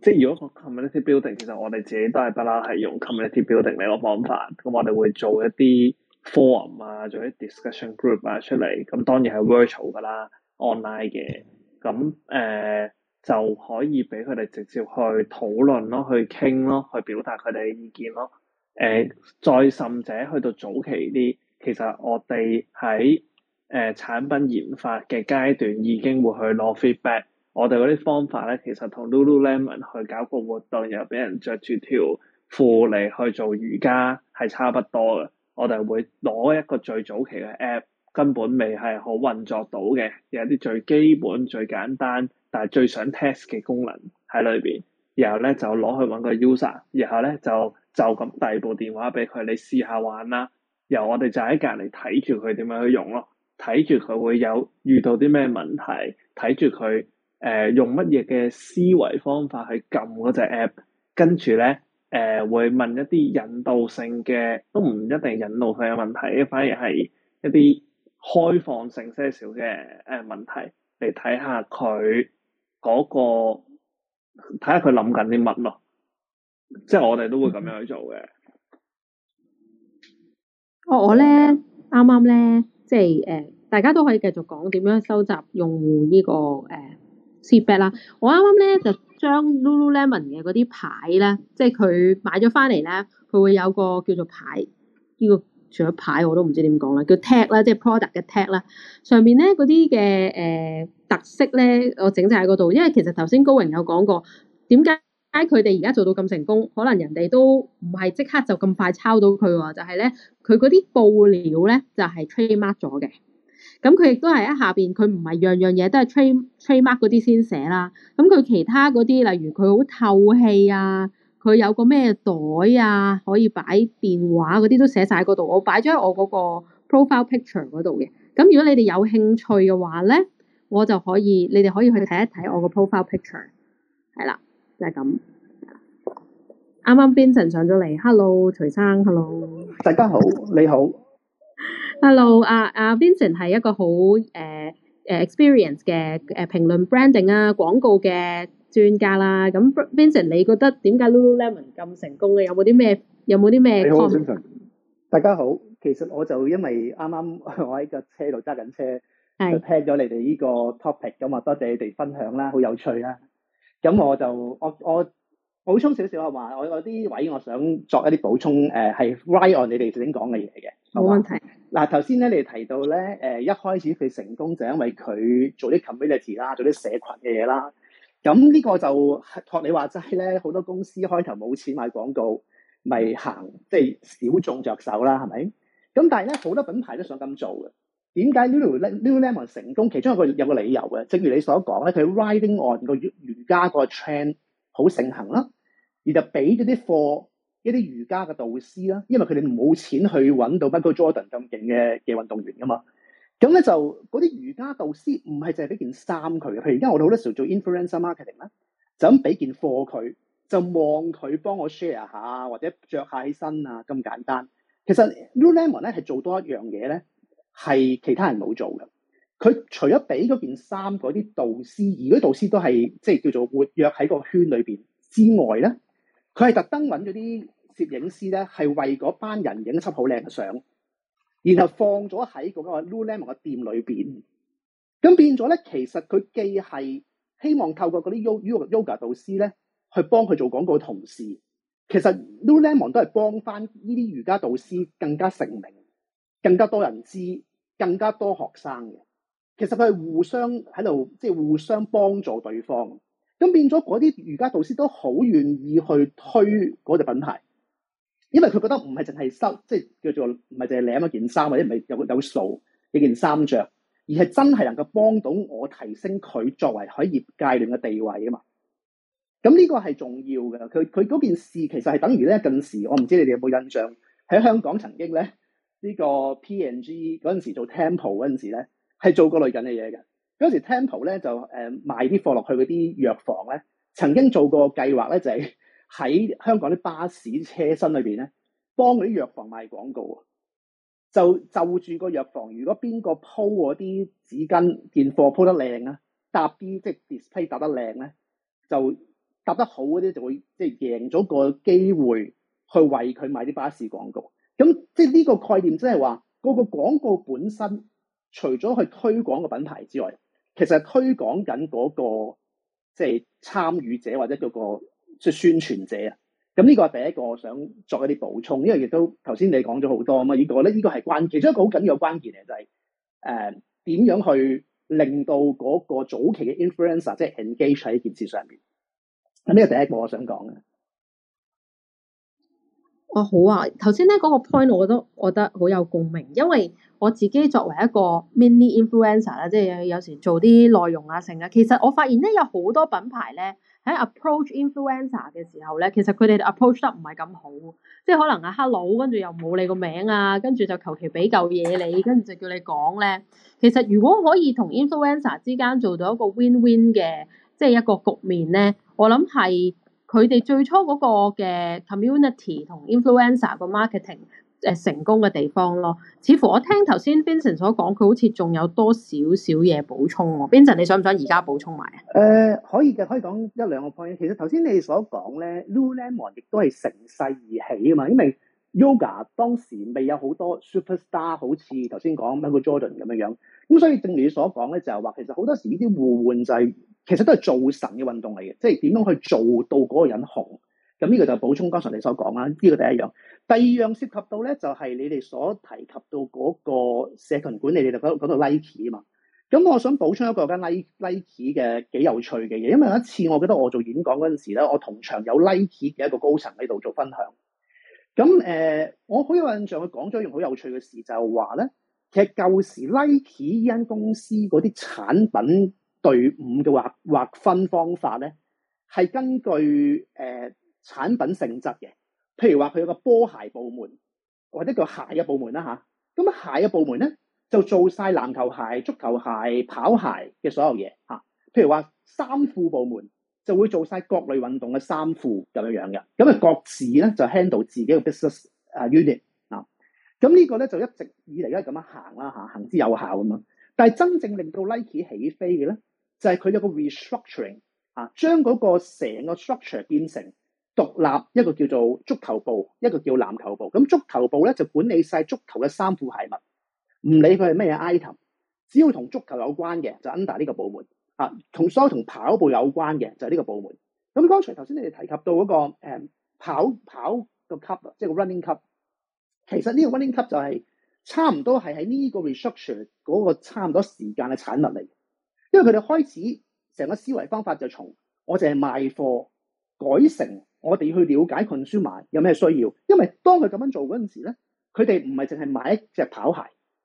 即係如果個 community building，其實我哋自己都係不單係用 community building 呢個方法。咁我哋會做一啲 forum 啊，做一啲 discussion group 啊出嚟。咁當然係 virtual 㗎啦，online 嘅。咁誒、呃、就可以俾佢哋直接去討論咯，去傾咯，去表達佢哋嘅意見咯。誒、呃、再甚者，去到早期啲，其實我哋喺誒產品研發嘅階段已經會去攞 feedback。我哋嗰啲方法咧，其實同 Lululemon 去搞個活動，又俾人着住條褲嚟去做瑜伽係差不多嘅。我哋會攞一個最早期嘅 app，根本未係好運作到嘅，有啲最基本、最簡單但係最想 test 嘅功能喺裏邊。然後咧就攞去揾個 user，然後咧就就咁遞部電話俾佢，你試下玩啦。然後我哋就喺隔離睇住佢點樣去用咯，睇住佢會有遇到啲咩問題，睇住佢誒用乜嘢嘅思維方法去撳嗰隻 app，跟住咧誒會問一啲引導性嘅，都唔一定引導性嘅問題，反而係一啲開放性些少嘅誒問題嚟睇下佢嗰個。睇下佢諗緊啲乜咯，即係我哋都會咁樣去做嘅。哦，我咧啱啱咧，即係誒、呃，大家都可以繼續講點樣收集用戶呢個誒 feedback 啦。我啱啱咧就將 Lululemon 嘅嗰啲牌咧，即係佢買咗翻嚟咧，佢會有個叫做牌叫。除咗牌我都唔知點講啦，叫 tag 啦，即係 product 嘅 tag 啦。上面咧嗰啲嘅誒特色咧，我整就喺嗰度。因為其實頭先高榮有講過，點解佢哋而家做到咁成功？可能人哋都唔係即刻就咁快抄到佢喎。就係咧，佢嗰啲布料咧就係 trademark 咗嘅。咁佢亦都係喺下邊，佢唔係樣樣嘢都係 trade trademark 嗰啲先寫啦。咁佢其他嗰啲，例如佢好透氣啊。佢有個咩袋啊，可以擺電話嗰啲都寫晒嗰度。我擺咗喺我嗰個 profile picture 嗰度嘅。咁如果你哋有興趣嘅話咧，我就可以，你哋可以去睇一睇我個 profile picture。係啦，就係、是、咁。啱啱 Vincent 上咗嚟，Hello 徐生，Hello 大家好，你好。Hello 啊、uh, 啊 Vincent 係一個好誒誒 experience 嘅誒評、uh, 論 branding 啊廣告嘅。專家啦，咁 Vincent，你覺得點解 Lululemon 咁成功嘅？有冇啲咩？有冇啲咩？你好，Vincent，大家好。其實我就因為啱啱我喺個車度揸緊車，係的聽咗你哋呢個 topic，咁我多謝你哋分享啦，好有趣啦。咁我就我我，我補充少少啊嘛，我有啲位我想作一啲補充，誒係 right on 你哋頭先講嘅嘢嘅。冇問題。嗱頭先咧，你哋提到咧，誒、呃、一開始佢成功就因為佢做啲 community 啦，做啲社群嘅嘢啦。咁呢、嗯這個就托你話齋咧，好多公司開頭冇錢買廣告，咪行即係小眾着手啦，係咪？咁但係咧，好多品牌都想咁做嘅。點解 Lululemon 成功？其中有個有個理由嘅。正如你所講咧，佢 riding on 個瑜伽個 trend 好盛行啦，而就俾咗啲貨一啲瑜伽嘅導師啦，因為佢哋冇錢去揾到 Michael Jordan 咁勁嘅嘅運動員啊嘛。咁咧，就嗰啲瑜伽導師唔係淨係俾件衫佢。譬如而家我哋好多時候做 influencer marketing 咧，就咁俾件貨佢，就望佢幫我 share 下或者着下喺身啊咁簡單。其實 Lululemon 咧係做多一樣嘢咧，係其他人冇做嘅。佢除咗俾嗰件衫嗰啲導師，而嗰啲導師都係即係叫做活躍喺個圈裏邊之外咧，佢係特登揾嗰啲攝影師咧，係為嗰班人影一輯好靚嘅相。然後放咗喺嗰個 Lululemon 嘅店裏邊，咁變咗咧，其實佢既係希望透過嗰啲 Yo Yoga 導師咧，去幫佢做廣告同時，其實 Lululemon 都係幫翻呢啲瑜伽導師更加成名、更加多人知、更加多學生嘅。其實佢係互相喺度，即係互相幫助對方。咁變咗嗰啲瑜伽導師都好願意去推嗰隻品牌。因為佢覺得唔係淨係收，即、就、係、是、叫做唔係淨係領一件衫，或者唔係有有數一件衫着，而係真係能夠幫到我提升佢作為喺業界段嘅地位㗎嘛。咁、嗯、呢、這個係重要嘅，佢佢嗰件事其實係等於咧近時，我唔知你哋有冇印象喺香港曾經咧呢、這個 P&G 嗰陣時做 Tempo 嗰陣時咧係做過類似嘅嘢嘅。嗰時 Tempo 咧就誒、呃、賣啲貨落去嗰啲藥房咧，曾經做過計劃咧就係、是。喺香港啲巴士車身裏邊咧，幫嗰啲藥房賣廣告啊！就就住個藥房，如果邊個鋪嗰啲紙巾件貨鋪，鋪得靚啦，搭啲即係 display 搭得靚咧，就搭得好嗰啲就會即係、就是、贏咗個機會去為佢買啲巴士廣告。咁即係呢個概念，即係話嗰個廣告本身，除咗去推廣個品牌之外，其實係推廣緊嗰、那個即係參與者或者嗰個。出宣傳者啊，咁呢個係第一個我想作一啲補充，因為亦都頭先你講咗好多啊嘛。我覺得呢個係關其中一個好緊要嘅關鍵咧、就係，就係誒點樣去令到嗰個早期嘅 influencer 即係 engage 喺件事上面。咁呢個係第一個我想講嘅。哦、啊，好啊，頭先咧嗰個 point 我都覺得好有共鳴，因為我自己作為一個 mini influencer 啦，即係有時做啲內容啊，成啊，其實我發現咧有好多品牌咧。喺 approach influencer 嘅時候咧，其實佢哋嘅 approach 得唔係咁好，即係可能啊 hello，跟住又冇你個名啊，跟住就求其俾嚿嘢你，跟住就叫你講咧。其實如果可以同 influencer 之間做到一個 win win 嘅，即係一個局面咧，我諗係佢哋最初嗰個嘅 community 同 influencer 個 marketing。誒成功嘅地方咯，似乎我聽頭先 Vincent 所講，佢好似仲有多少少嘢補充喎、哦。Vincent 你想唔想而家補充埋啊？誒、呃、可以嘅，可以講一兩個 point。其實頭先你所講咧，Lululemon 也都係乘勢而起啊嘛，因為 Yoga 當時未有多 Super star，好多 superstar，好似頭先講 Michael Jordan 咁樣樣。咁所以正如你所講咧，就係話其實好多時呢啲互換就係、是、其實都係造神嘅運動嚟嘅，即係點樣去做到嗰個人紅。咁呢個就補充剛才你所講啦，呢、這個第一樣，第二樣涉及到咧就係、是、你哋所提及到嗰個社群管理，你就講講到 Nike 啊嘛。咁、嗯、我想補充一個有關 Nike 嘅幾有趣嘅嘢，因為有一次我記得我做演講嗰陣時咧，我同場有 Nike 嘅一個高層喺度做分享。咁、嗯、誒、呃，我好有印象，佢講咗一樣好有趣嘅事，就話、是、咧，其實舊時 Nike 呢間公司嗰啲產品隊伍嘅劃劃分方法咧，係根據誒。呃產品性質嘅，譬如話佢有個波鞋部門，或者叫鞋嘅部門啦吓，咁啊鞋嘅部門咧就做晒籃球鞋、足球鞋、跑鞋嘅所有嘢吓，譬如話衫褲部門就會做晒各類運動嘅衫褲咁樣樣嘅。咁啊各自咧就 handle 自己嘅 business 啊 unit 啊。咁呢個咧就一直以嚟都係咁樣行啦嚇，行之有效咁樣。但係真正令到 Nike 起飛嘅咧，就係、是、佢有一個 restructuring 啊，將嗰個成個 structure 變成。獨立一個叫做足球部，一個叫籃球部。咁足球部咧就管理晒足球嘅衫褲鞋襪，唔理佢係咩嘢 item，只要同足球有關嘅就是、under 呢個部門啊，同所有同跑步有關嘅就係、是、呢個部門。咁剛才頭先你哋提及到嗰、那個誒、嗯、跑跑個 club，即係 running club。其實呢個 running club 就係差唔多係喺呢個 restructure 嗰個差唔多時間嘅產物嚟，因為佢哋開始成個思維方法就從我淨係賣貨改成。我哋去了解 consumer 有咩需要，因為當佢咁樣做嗰陣時咧，佢哋唔係淨係買一隻跑鞋，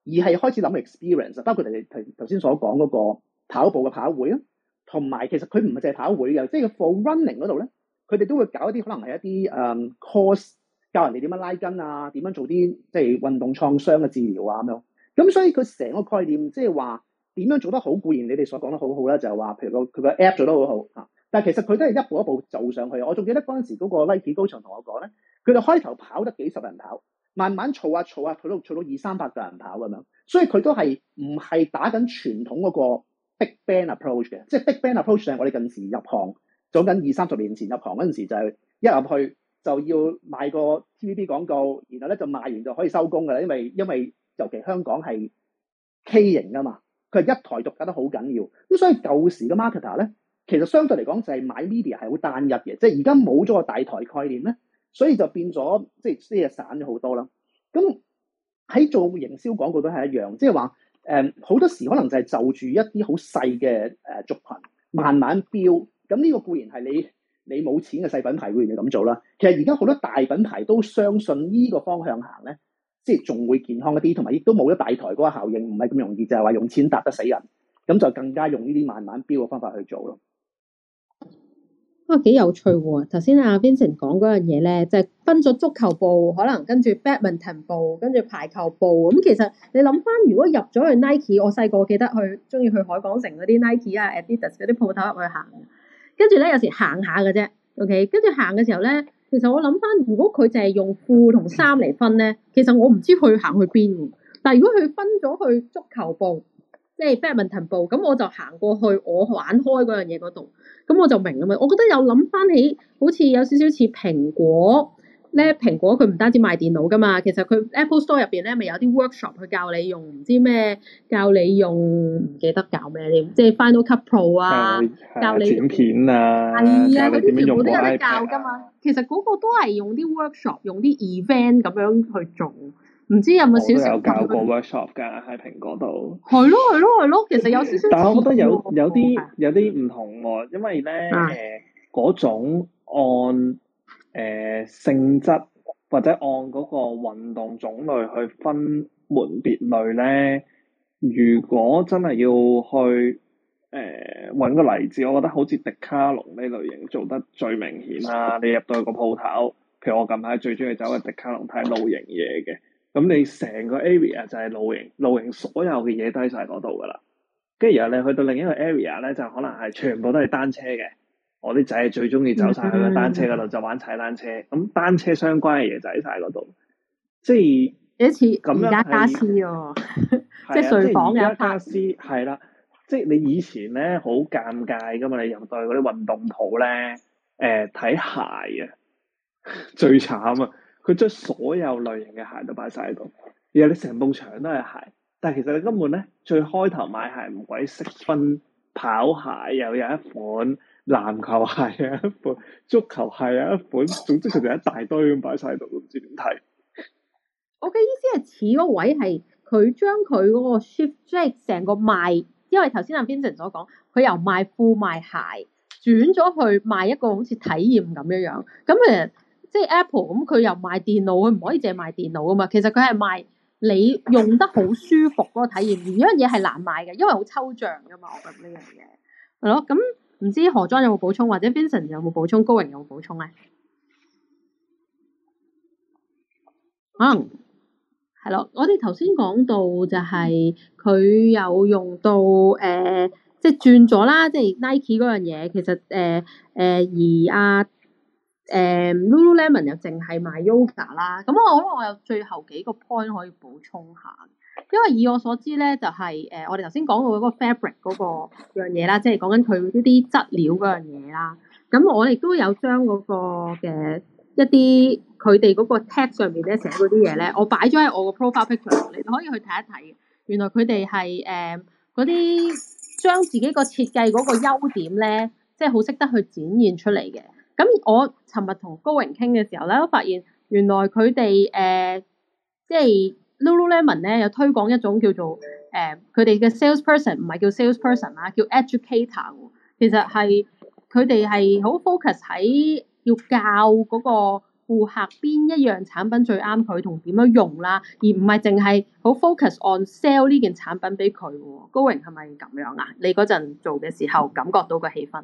而係開始諗 experience，包括你哋頭先所講嗰個跑步嘅跑會啦，同埋其實佢唔係淨係跑會，又即係 for running 嗰度咧，佢哋都會搞一啲可能係一啲誒、um, course 教人哋點樣拉筋啊，點樣做啲即係運動創傷嘅治療啊咁樣。咁所以佢成個概念即係話點樣做得好固然你哋所講得好好啦，就係、是、話譬如個佢個 app 做得好好嚇。但其實佢都係一步一步做上去，我仲記得嗰陣時嗰個 Nike 高層同我講咧，佢哋開頭跑得幾十人跑，慢慢嘈啊嘈啊，佢都嘈到二三百個人跑咁樣，所以佢都係唔係打緊傳統嗰個 Big Bang approach 嘅，即係 Big Bang approach 係我哋近時入行，早緊二三十年前入行嗰陣時就係一入去就要賣個 TVB 廣告，然後咧就賣完就可以收工噶啦，因為因為尤其香港係 K 型啊嘛，佢係一台獨家得好緊要，咁所以舊時嘅 marketer 咧。其實相對嚟講就係買 media 係好單一嘅，即係而家冇咗個大台概念咧，所以就變咗即係啲嘢散咗好多啦。咁喺做營銷廣告都係一樣，即係話誒好多時可能就係就住一啲好細嘅誒族群慢慢標。咁呢個固然係你你冇錢嘅細品牌會嚟咁做啦。其實而家好多大品牌都相信呢個方向行咧，即係仲會健康一啲，同埋亦都冇咗大台嗰個效應，唔係咁容易就係話用錢搭得死人，咁就更加用呢啲慢慢標嘅方法去做咯。啊、哦，幾有趣喎！頭先阿、啊、Vincent 講嗰樣嘢咧，就係、是、分咗足球部，可能跟住 badminton 部，跟住排球部。咁、嗯、其實你諗翻，如果入咗去 Nike，我細個記得去中意去海港城嗰啲 Nike 啊、Adidas 嗰啲鋪頭入去行。跟住咧，有時行下嘅啫。OK，跟住行嘅時候咧，其實我諗翻，如果佢淨係用褲同衫嚟分咧，其實我唔知佢行去邊。但係如果佢分咗去足球部。即係 badminton 部，咁我就行過去，我玩開嗰樣嘢嗰度，咁我就明啊嘛。我覺得又諗翻起，好似有少少似蘋果咧。蘋果佢唔單止賣電腦噶嘛，其實佢 Apple Store 入邊咧，咪有啲 workshop 去教你用唔知咩，教你用唔記得教咩添。即係 Final Cut Pro 啊，啊啊教你剪片啊，係啊，嗰啲全部都有得教噶嘛。啊、其實嗰個都係用啲 workshop，用啲 event 咁樣去做。唔知有冇少少？ <noise> 我有教過 workshop 噶，喺蘋果度。係咯係咯係咯，其實有少少。 <noise> 但係我覺得有有啲有啲唔同喎，因為咧誒嗰種按誒、呃、性質或者按嗰個運動種類去分門別類咧，如果真係要去誒揾、呃、個例子，我覺得好似迪卡龍呢類型做得最明顯啦。你入到去個鋪頭，譬如我近排最中意走去迪卡龍睇露營嘢嘅。咁你成個 area 就係露營，露營所有嘅嘢都喺晒嗰度噶啦。跟住然後你去到另一個 area 咧，就可能係全部都係單車嘅。我啲仔係最中意走晒去個單車嗰度，嗯、就玩踩單車。咁單車相關嘅嘢就喺晒嗰度。即係一次而家家私哦，即係睡房有家私係啦。即係你以前咧好尷尬噶嘛？你入到去嗰啲運動鋪咧誒睇鞋啊，最慘啊！佢將所有類型嘅鞋都擺晒喺度，然後你成埲牆都係鞋。但係其實你根本咧最開頭買鞋唔鬼識分，跑鞋又有一款，籃球鞋有一款，足球鞋有一款，總之佢哋一大堆咁擺晒喺度，都唔知點睇。我嘅意思係似嗰位係佢將佢嗰個 shift 即係成個賣，因為頭先阿 Vincent 所講，佢由賣褲賣鞋轉咗去賣一個好似體驗咁樣樣。咁誒。即係 Apple 咁，佢又賣電腦，佢唔可以淨係賣電腦㗎嘛。其實佢係賣你用得好舒服嗰個體驗，而嗰樣嘢係難賣嘅，因為好抽象㗎嘛。我覺得呢樣嘢係咯。咁唔、嗯、知何莊有冇補充，或者 Vincent 有冇補充，高人有冇補充咧？嗯，能係咯。我哋頭先講到就係佢有用到誒、呃，即係轉咗啦，即係 Nike 嗰樣嘢。其實誒誒、呃呃，而阿、啊。誒、um, Lululemon 又淨係賣 yoga 啦，咁我覺得我有最後幾個 point 可以補充下，因為以我所知咧，就係、是、誒、呃、我哋頭先講過嗰個 fabric 嗰個樣嘢啦，即係講緊佢呢啲質料嗰樣嘢啦。咁我亦都有將嗰個嘅一啲佢哋嗰個 tag 上面咧寫嗰啲嘢咧，我擺咗喺我個 profile picture 度，你可以去睇一睇。原來佢哋係誒嗰啲將自己個設計嗰個優點咧，即係好識得去展現出嚟嘅。咁我尋日同高榮傾嘅時候咧，我發現原來佢哋誒即係 Lululemon 咧，有推廣一種叫做誒佢哋嘅 salesperson，唔係叫 salesperson 啊，叫 educator。其實係佢哋係好 focus 喺要教嗰個顧客邊一樣產品最啱佢同點樣用啦，而唔係淨係好 focus on sell 呢件產品俾佢。高榮係咪咁樣啊？你嗰陣做嘅時候感覺到個氣氛？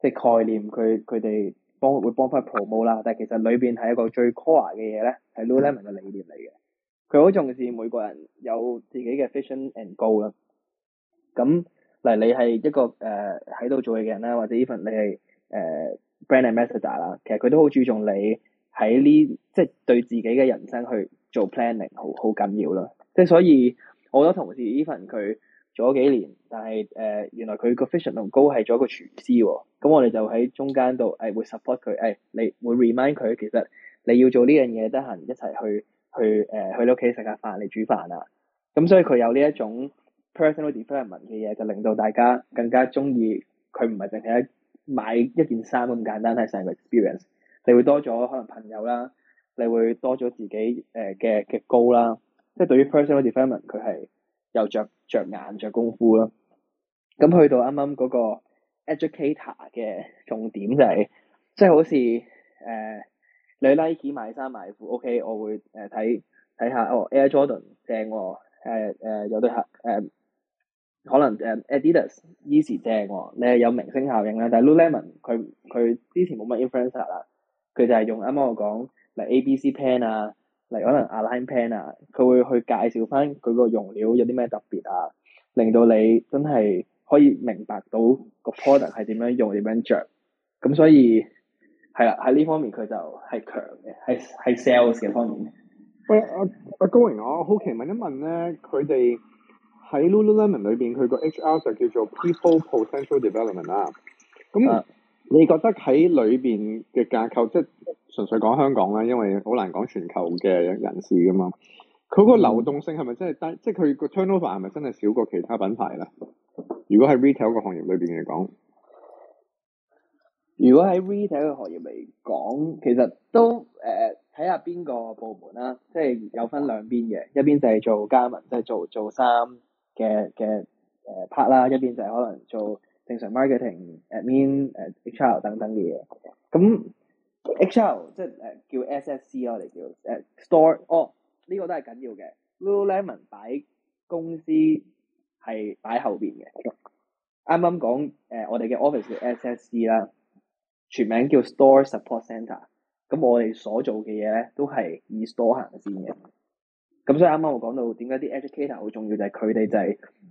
即係概念，佢佢哋幫會幫翻 promote 啦，但係其實裏邊係一個最 core 嘅嘢咧，係 Lululemon 嘅理念嚟嘅。佢好重視每個人有自己嘅 vision and goal 啦。咁嗱，你係一個誒喺度做嘢嘅人啦，或者 even 你係誒、呃、brand and master 啦，其實佢都好注重你喺呢即係對自己嘅人生去做 planning，好好緊要咯。即係所以，我覺得同事 even 佢。咗幾年，但係誒、呃、原來佢個 professional goal 係做一個廚師喎、哦，咁我哋就喺中間度誒、哎、會 support 佢，誒、哎、你會 remind 佢其實你要做呢樣嘢，得閒一齊去去誒、呃、去你屋企食下飯嚟煮飯啊，咁所以佢有呢一種 personal development 嘅嘢就令到大家更加中意佢，唔係淨係買一件衫咁簡單，係成個 experience。你會多咗可能朋友啦，你會多咗自己誒嘅嘅 goal 啦，即係對於 personal development 佢係。又着着眼着功夫咯，咁去到啱啱嗰個 educator 嘅重點就係、是，即、就、係、是、好似誒、呃、你 Nike 買衫買褲，OK，我會誒睇睇下哦 Air Jordan 正喎、哦，誒、呃呃、有對鞋，誒、呃，可能誒、呃、Adidas Yeezy 正喎、哦，你係有明星效應啦，但係 Lululemon 佢佢之前冇乜 influencer 啦，佢就係用啱啱我講，例如 ABC Pen 啊。嚟可能 Align Pan 啊，佢會去介紹翻佢個用料有啲咩特別啊，令到你真係可以明白到個 product 係點樣用點樣著，咁所以係啦，喺呢方面佢就係強嘅，係係 sales 嘅方面。喂，阿、啊、阿高榮，我好奇問一問咧，佢哋喺 Lululemon 裏邊佢個 HR 就叫做 people potential development 啊，咁。你覺得喺裏邊嘅架構，即係純粹講香港啦，因為好難講全球嘅人士噶嘛。佢個流動性係咪真係低？即係佢個 turnover 係咪真係少過其他品牌咧？如果喺 retail 個行業裏邊嚟講，如果喺 retail 嘅行業嚟講，其實都誒睇下邊個部門啦。即係有分兩邊嘅，一邊就係做加盟，即係做做衫嘅嘅誒 part 啦；一邊就係可能做。正常 marketing admin、HR 等等嘅嘢，咁 HR 即係誒叫 SSC 我哋叫誒 store，哦呢個都係緊要嘅。Lululemon 擺公司係擺後邊嘅。啱啱講誒我哋嘅 office 叫 SSC 啦，全名叫 store support center。咁我哋所做嘅嘢咧，都係以 store 行先嘅。咁所以啱啱我講到點解啲 educator 好重要，就係佢哋就係。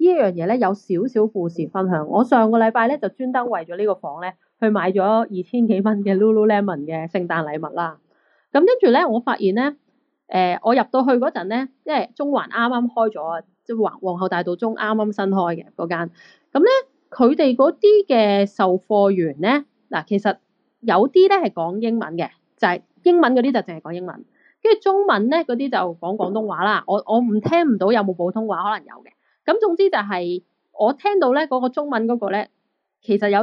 呢一樣嘢咧有少少故事分享。我上個禮拜咧就專登為咗呢個房咧去買咗二千幾蚊嘅 Lululemon 嘅聖誕禮物啦。咁跟住咧，我發現咧，誒、呃，我入到去嗰陣咧，因為中環啱啱開咗，即係皇皇后大道中啱啱新開嘅嗰間。咁、嗯、咧，佢哋嗰啲嘅售貨員咧，嗱，其實有啲咧係講英文嘅，就係、是、英文嗰啲就淨係講英文，跟住中文咧嗰啲就講廣東話啦。我我唔聽唔到有冇普通話，可能有嘅。咁總之就係我聽到咧嗰個中文嗰個咧，其實有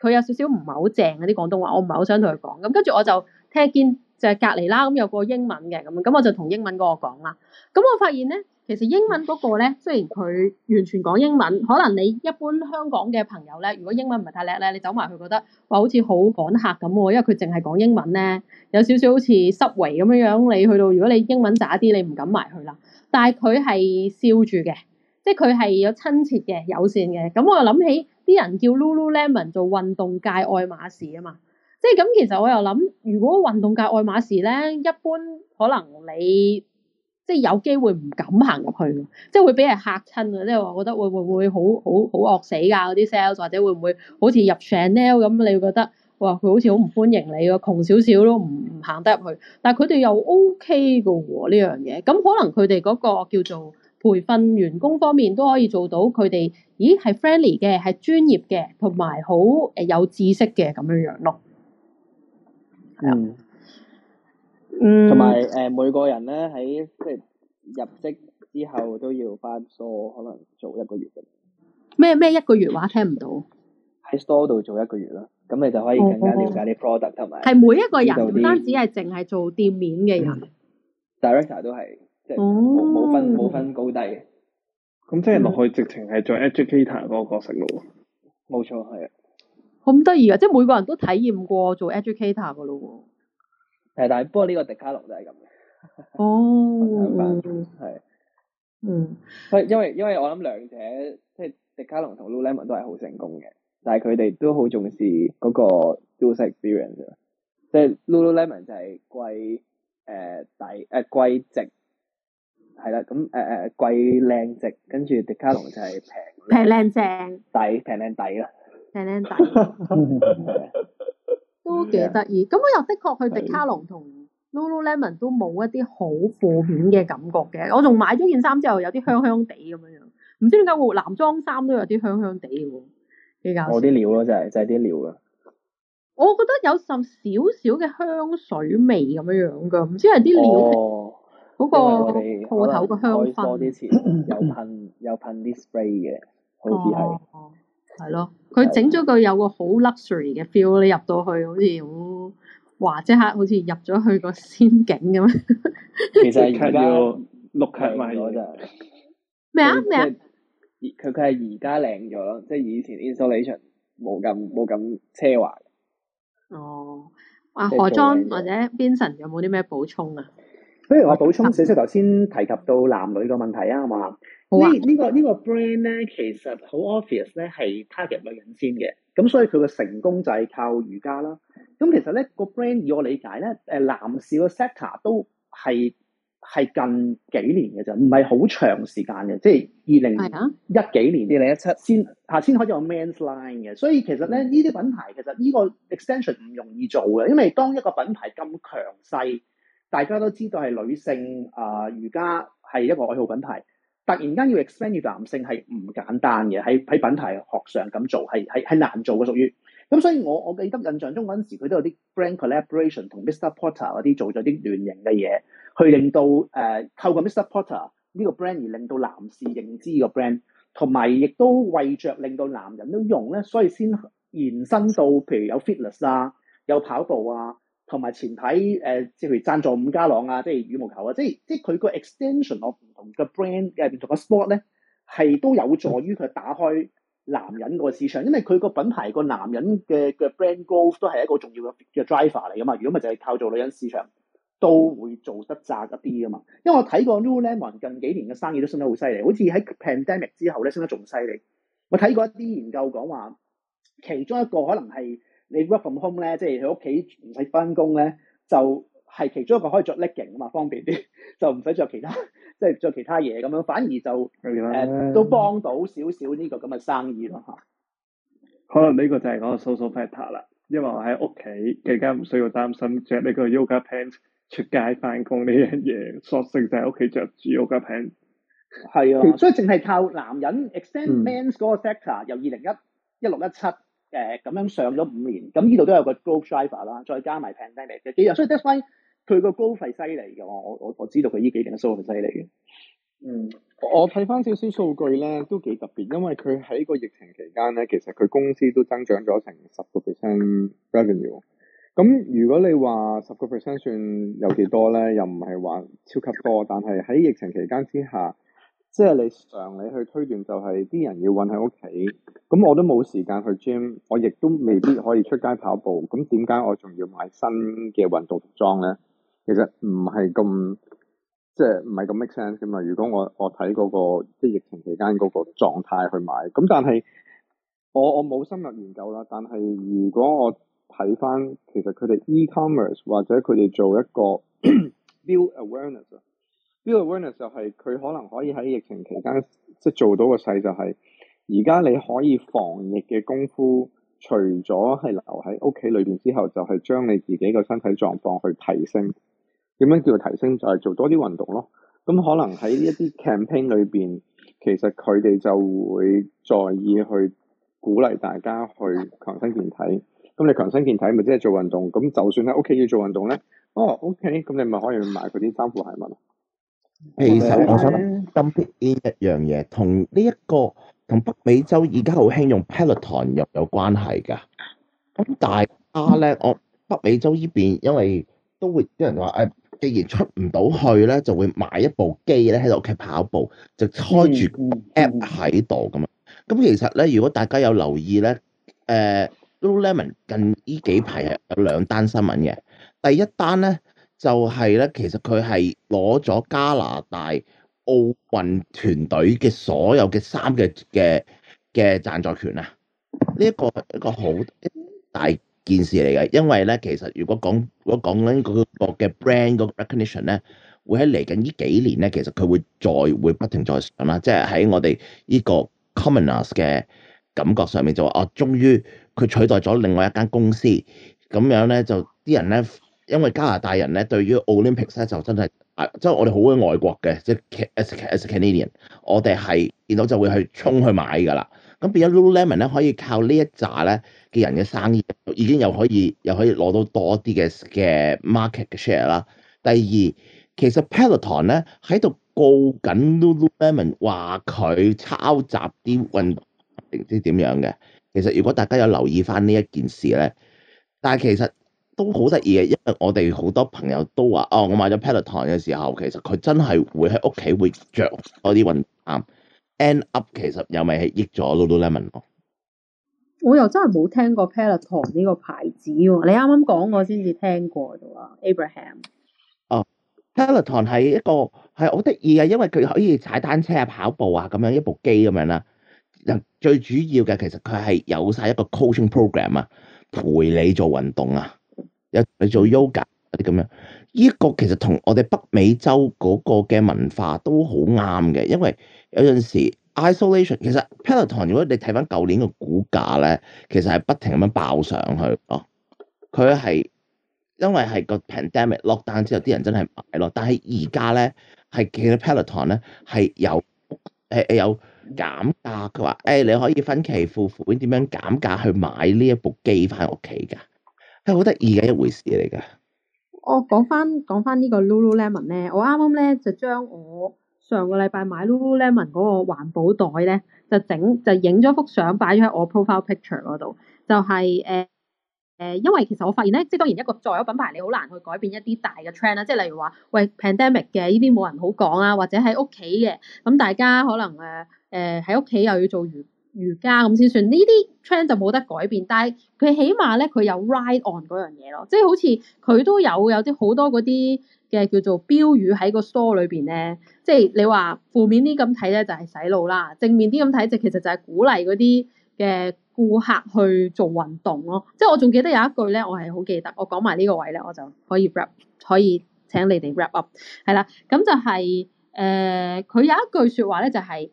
佢有少少唔係好正嗰啲廣東話，我唔係好想同佢講。咁跟住我就聽見就係隔離啦，咁有個英文嘅咁，咁我就同英文嗰個講啦。咁我發現咧，其實英文嗰個咧，雖然佢完全講英文，可能你一般香港嘅朋友咧，如果英文唔係太叻咧，你走埋去覺得話好似好趕客咁喎，因為佢淨係講英文咧，有少少好似濕維咁樣樣。你去到如果你英文渣啲，你唔敢埋去啦。但係佢係笑住嘅。即係佢係有親切嘅、友善嘅，咁、嗯、我又諗起啲人叫 Lululemon 做運動界愛馬仕啊嘛，即係咁、嗯、其實我又諗，如果運動界愛馬仕咧，一般可能你即係有機會唔敢行入去，即係會俾人嚇親啊！即係話覺得會會會好好好，好惡死㗎嗰啲 sales，或者會唔會好似入 Chanel 咁，你會覺得哇佢好似好唔歡迎你㗎，窮少少都唔行得入去，但係佢哋又 OK 㗎喎呢樣嘢，咁、嗯、可能佢哋嗰個叫做。培訓員工方面都可以做到，佢哋咦係 friendly 嘅，係專業嘅，同埋好誒有知識嘅咁樣樣咯。係嗯，同埋誒每個人咧喺即係入職之後都要返 store 可能做一個月嘅。咩咩一個月話聽唔到？喺 store 度做一個月啦，咁你就可以更加了解啲 product 同埋係每一個人，唔單止係淨係做店面嘅人，嗯，director 都係。哦，冇分冇分高低嘅，咁即係落去直情係做 educator 嗰個角色咯，冇錯係啊，好得意啊！即係每個人都體驗過做 educator 噶咯喎，係但係不過呢個迪卡龍就係咁，哦，係，嗯，因為因為因為我諗兩者即係迪卡龍同 Lululemon 都係好成功嘅，但係佢哋都好重視嗰個 social experience，即係 Lululemon 就係貴誒大誒貴值。係啦，咁誒誒貴靚值，跟住迪卡龍就係平平靚正，抵平靚抵咯，平靚抵，帥帥 <laughs> 都幾得意。咁 Yeah. 我又的確，去迪卡龍同 Lululemon 都冇一啲好負面嘅感覺嘅。我仲買咗件衫之後，有啲香香地咁樣樣，唔知點解喎？男裝衫都有啲香香地喎，幾搞笑，我啲料咯，就係真係啲料㗎。就係就係、我覺得有陣少少嘅香水味咁樣樣㗎，唔知係啲料。哦嗰個鋪頭個香薰，有噴有噴啲 spray 嘅。好似哦，係咯，佢整咗個有個好 luxury 嘅 feel，你入到去好似好哇，即刻好似入咗去個仙境咁。其實佢要六強買咗就咩啊咩啊？佢佢係而家靚咗咯，即係以前 insulation 冇咁冇咁奢華。哦，啊何莊或者 Vincent 有冇啲咩補充啊？不如我補充少少，頭先提及到男女個問題好好啊，係嘛、這個？呢呢個呢個 brand 咧，其實好 obvious 咧，係 target 女人先嘅。咁所以佢嘅成功就係靠瑜伽啦。咁其實咧、這個 brand 以我理解咧，誒男士嘅 sector 都係係近幾年嘅啫，唔係好長時間嘅，即係二零一幾年、二零一七先下先開始有 man’s line 嘅。所以其實咧，呢啲品牌其實呢個 extension 唔容易做嘅，因為當一個品牌咁強勢。大家都知道係女性啊，而家係一個愛好品牌。突然間要 expand 要男性係唔簡單嘅，喺喺品牌學上咁做係係係難做嘅屬於。咁所以我我記得印象中嗰陣時，佢都有啲 brand collaboration 同 Mr. Porter 嗰啲做咗啲聯營嘅嘢，去令到誒、呃、透過 Mr. Porter 呢個 brand 而令到男士認知個 brand，同埋亦都為着令到男人都用咧，所以先延伸到譬如有 fitness 啊，有跑步啊。同埋前排誒，即、呃、係譬如贊助伍家朗啊，即係羽毛球啊，即係即係佢個 extension 落唔同嘅 brand 誒、啊、唔同嘅 sport 咧，係都有助於佢打開男人個市場，因為佢個品牌個男人嘅嘅 brand growth 都係一個重要嘅嘅 driver 嚟噶嘛。如果咪就係靠做女人市場都會做得窄一啲噶嘛。因為我睇過 New Balance 近幾年嘅生意都升得好犀利，好似喺 pandemic 之後咧升得仲犀利。我睇過一啲研究講話，其中一個可能係。你 work from home 咧，即係喺屋企唔使翻工咧，就係、是、其中一個可以着 legging 啊嘛，方便啲，就唔使着其他，即係着其他嘢咁樣，反而就、嗯呃、都幫到少少呢個咁嘅生意咯嚇。可能呢個就係嗰個 social factor 啦，因為我喺屋企更加唔需要擔心着呢個 yoga pants 出街翻工呢樣嘢，索性就喺屋企着住 yoga pants。係 <laughs> 啊， <laughs> 所以淨係靠男人 extend men 嗰個 factor、嗯、由二零一一六一七。誒咁、呃、樣上咗五年，咁呢度都有個 growth driver 啦，再加埋 pandemic 嘅幾樣，所以 that's why 佢個 growth 係犀利嘅，我我我知道佢呢幾年都 so 犀利嘅。嗯，我睇翻少少數據咧，都幾特別，因為佢喺個疫情期間咧，其實佢公司都增長咗成十個 percent revenue。咁如果你話十個 percent 算有幾多咧？又唔係話超級多，但係喺疫情期間之下。即係你常理去推斷，就係啲人要穩喺屋企，咁我都冇時間去 gym，我亦都未必可以出街跑步，咁點解我仲要買新嘅運動服裝咧？其實唔係咁，即係唔係咁 make sense 咁啊？如果我我睇嗰，那個即係疫情期間嗰個狀態去買，咁但係我我冇深入研究啦。但係如果我睇翻，其實佢哋 e-commerce 或者佢哋做一個 <coughs> build awareness。呢個 Venus 就係、是、佢可能可以喺疫情期間，即係做到個勢，就係而家你可以防疫嘅功夫除咗係留喺屋企裏邊之後，就係、是、將你自己個身體狀況去提升。點樣叫提升？就係、是、做多啲運動咯。咁可能喺一啲 campaign 裏邊，其實佢哋就會在意去鼓勵大家去強身健體。咁你強身健體咪即係做運動？咁就算喺屋企要做運動咧，哦，OK，咁你咪可以買佢啲衫褲鞋襪。其實我想深啲呢一樣嘢，同呢一個同北美洲而家好興用 Peloton 有有關係噶。咁大家咧，我北美洲呢邊因為都會啲人話，誒、哎，既然出唔到去咧，就會買一部機咧喺度屋企跑步，就開住 app 喺度咁啊。咁、嗯、其實咧，如果大家有留意咧，誒、呃、Lululemon 近呢幾排有兩單新聞嘅，第一單咧。就係咧，其實佢係攞咗加拿大奧運團隊嘅所有嘅衫嘅嘅嘅贊助權啊！呢一個係一個好大件事嚟嘅，因為咧，其實如果講如果講緊嗰個嘅 brand 嗰個 recognition 咧，會喺嚟緊呢幾年咧，其實佢會再會不停再上啦。即係喺我哋呢個 commoners 嘅感覺上面就，就、哦、啊，終於佢取代咗另外一間公司咁樣咧，就啲人咧。因為加拿大人咧對於 Olympics 咧就真係啊，即係我哋好愛外國嘅，即係 as as Canadian，我哋係見到就會去衝去買㗎啦。咁變咗 Lululemon 咧可以靠一呢一紮咧嘅人嘅生意，已經又可以又可以攞到多啲嘅嘅 market share 啦。第二，其實 Peloton 咧喺度告緊 Lululemon 話佢抄襲啲運定知點樣嘅。其實如果大家有留意翻呢一件事咧，但係其實。都好得意嘅，因為我哋好多朋友都話哦，我買咗 Peloton 嘅時候，其實佢真係會喺屋企會着多啲運動。end up 其實又咪係益咗 Lululemon？我又真係冇聽過 Peloton 呢個牌子喎、啊，你啱啱講我先至聽過啫嘛，Abraham。哦，Peloton 係一個係好得意嘅，因為佢可以踩單車啊、跑步啊咁樣一部機咁樣啦。最主要嘅其實佢係有晒一個 coaching program 啊，陪你做運動啊。有你做 yoga 嗰啲咁樣，呢一個其實同我哋北美洲嗰個嘅文化都好啱嘅，因為有陣時 isolation 其實 Peloton 如果你睇翻舊年嘅股價咧，其實係不停咁樣爆上去咯。佢、哦、係因為係個 pandemic 落單之後，啲人真係買咯。但係而家咧係見到 Peloton 咧係有誒誒有減價，佢話誒你可以分期付款點樣減價去買呢一部機翻屋企㗎。係好得意嘅一回事嚟噶。我講翻講翻呢個 Lululemon 咧，我啱啱咧就將我上個禮拜買 Lululemon 嗰個環保袋咧，就整就影咗幅相擺咗喺我 profile picture 嗰度。就係誒誒，因為其實我發現咧，即係當然一個在有品牌，你好難去改變一啲大嘅 trend 啦。即係例如話喂 pandemic 嘅呢啲冇人好講啊，或者喺屋企嘅咁，大家可能誒誒喺屋企又要做。瑜伽咁先算，呢啲 trend 就冇得改變，但係佢起碼咧佢有 ride on 嗰樣嘢咯，即係好似佢都有有啲好多嗰啲嘅叫做標語喺個 store 裏邊咧，即係你話負面啲咁睇咧就係洗腦啦，正面啲咁睇就是、其實就係鼓勵嗰啲嘅顧客去做運動咯，即係我仲記得有一句咧我係好記得，我講埋呢個位咧我就可以 wrap，可以請你哋 wrap up，係啦，咁就係誒佢有一句説話咧就係、是。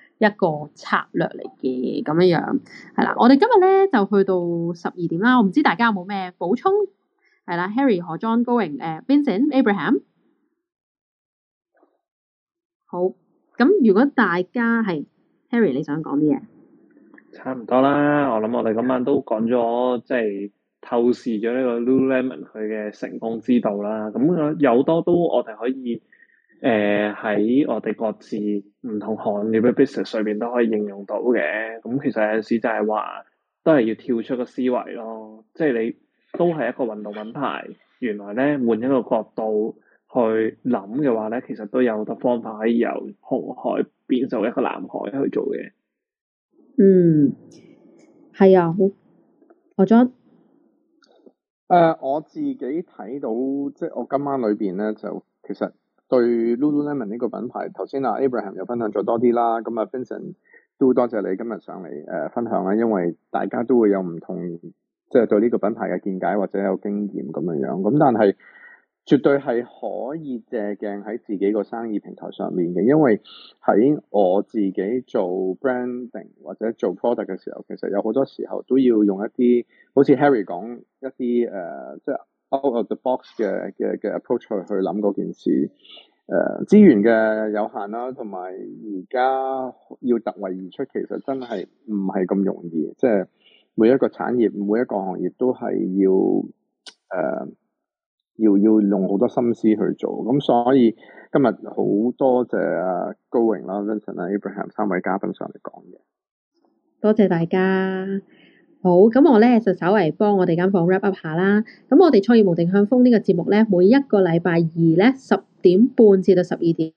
一個策略嚟嘅咁樣樣，係啦。我哋今日咧就去到十二點啦。我唔知大家有冇咩補充？係啦，Harry、John Going、誒 Vincent、Abraham。好，咁如果大家係 Harry，你想講啲嘢？差唔多啦，我諗我哋今晚都講咗，即係透視咗呢個 Lululemon 佢嘅成功之道啦。咁樣有多都我哋可以。誒喺、呃、我哋各自唔同行業嘅 business 上面都可以應用到嘅，咁其實有陣時就係話都係要跳出個思維咯，即係你都係一個運動品牌，原來咧換一個角度去諗嘅話咧，其實都有好多方法可以由紅海變做一個藍海去做嘅。嗯，係啊，我我將、oh uh, 我自己睇到，即係我今晚裏邊咧就其實。對 Lululemon 呢個品牌，頭先阿 Abraham 又分享咗多啲啦，咁啊 Vincent 都多謝你今日上嚟誒分享啊，因為大家都會有唔同，即係對呢個品牌嘅見解或者有經驗咁樣樣，咁但係絕對係可以借鏡喺自己個生意平台上面嘅，因為喺我自己做 branding 或者做 product 嘅時候，其實有好多時候都要用一啲好似 Harry 講一啲誒、呃，即係。out of the box 嘅嘅嘅 approach 去去諗件事，誒、uh, 資源嘅有限啦，同埋而家要突圍而出，其實真係唔係咁容易，即係每一個產業，每一個行業都係要誒、uh, 要要用好多心思去做，咁所以今日好多謝阿高榮啦、Vincent 啊、Abraham 三位嘉賓上嚟講嘅。多謝大家。好，咁我咧就稍微幫我哋間房 wrap up 下啦。咁我哋創業無定向瘋呢、這個節目咧，每一個禮拜二咧，十點半至到十二點。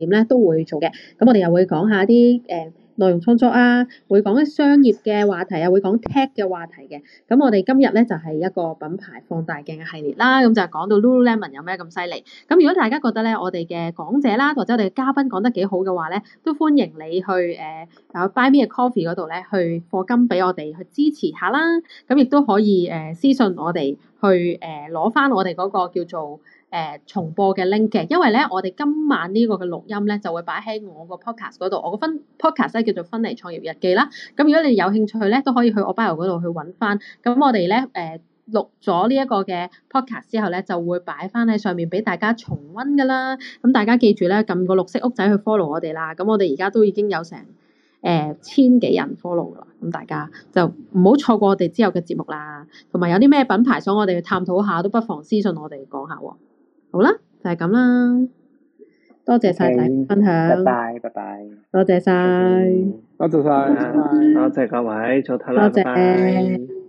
點咧都會做嘅，咁我哋又會講下啲誒內容創作啊，會講啲商業嘅話題啊，會講 tech 嘅話題嘅。咁我哋今日咧就係、是、一個品牌放大鏡嘅系列啦，咁就係講到 Lululemon 有咩咁犀利。咁如果大家覺得咧我哋嘅講者啦，或者我哋嘅嘉賓講得幾好嘅話咧，都歡迎你去誒有、呃、Buy Me A Coffee 度咧去課金俾我哋去支持下啦。咁亦都可以誒、呃、私信我哋去誒攞翻我哋嗰個叫做。誒、呃、重播嘅 link 嘅，因為咧我哋今晚呢個嘅錄音咧就會擺喺我個 podcast 嗰度，我個分 podcast 叫做《芬尼創業日記》啦。咁如果你有興趣咧，都可以去，去我 bio 嗰度去揾翻。咁我哋咧誒錄咗呢一個嘅 podcast 之後咧，就會擺翻喺上面俾大家重溫噶啦。咁大家記住咧，撳個綠色屋仔去 follow 我哋啦。咁我哋而家都已經有成誒、呃、千幾人 follow 噶啦。咁大家就唔好錯過我哋之後嘅節目啦。同埋有啲咩品牌想我哋去探討下，都不妨私信我哋講下喎。好啦，就係咁啦，多謝晒大家分享，拜拜、okay.，bye, bye 多謝晒，多謝晒，多謝各位。早唞啦，拜拜，多謝。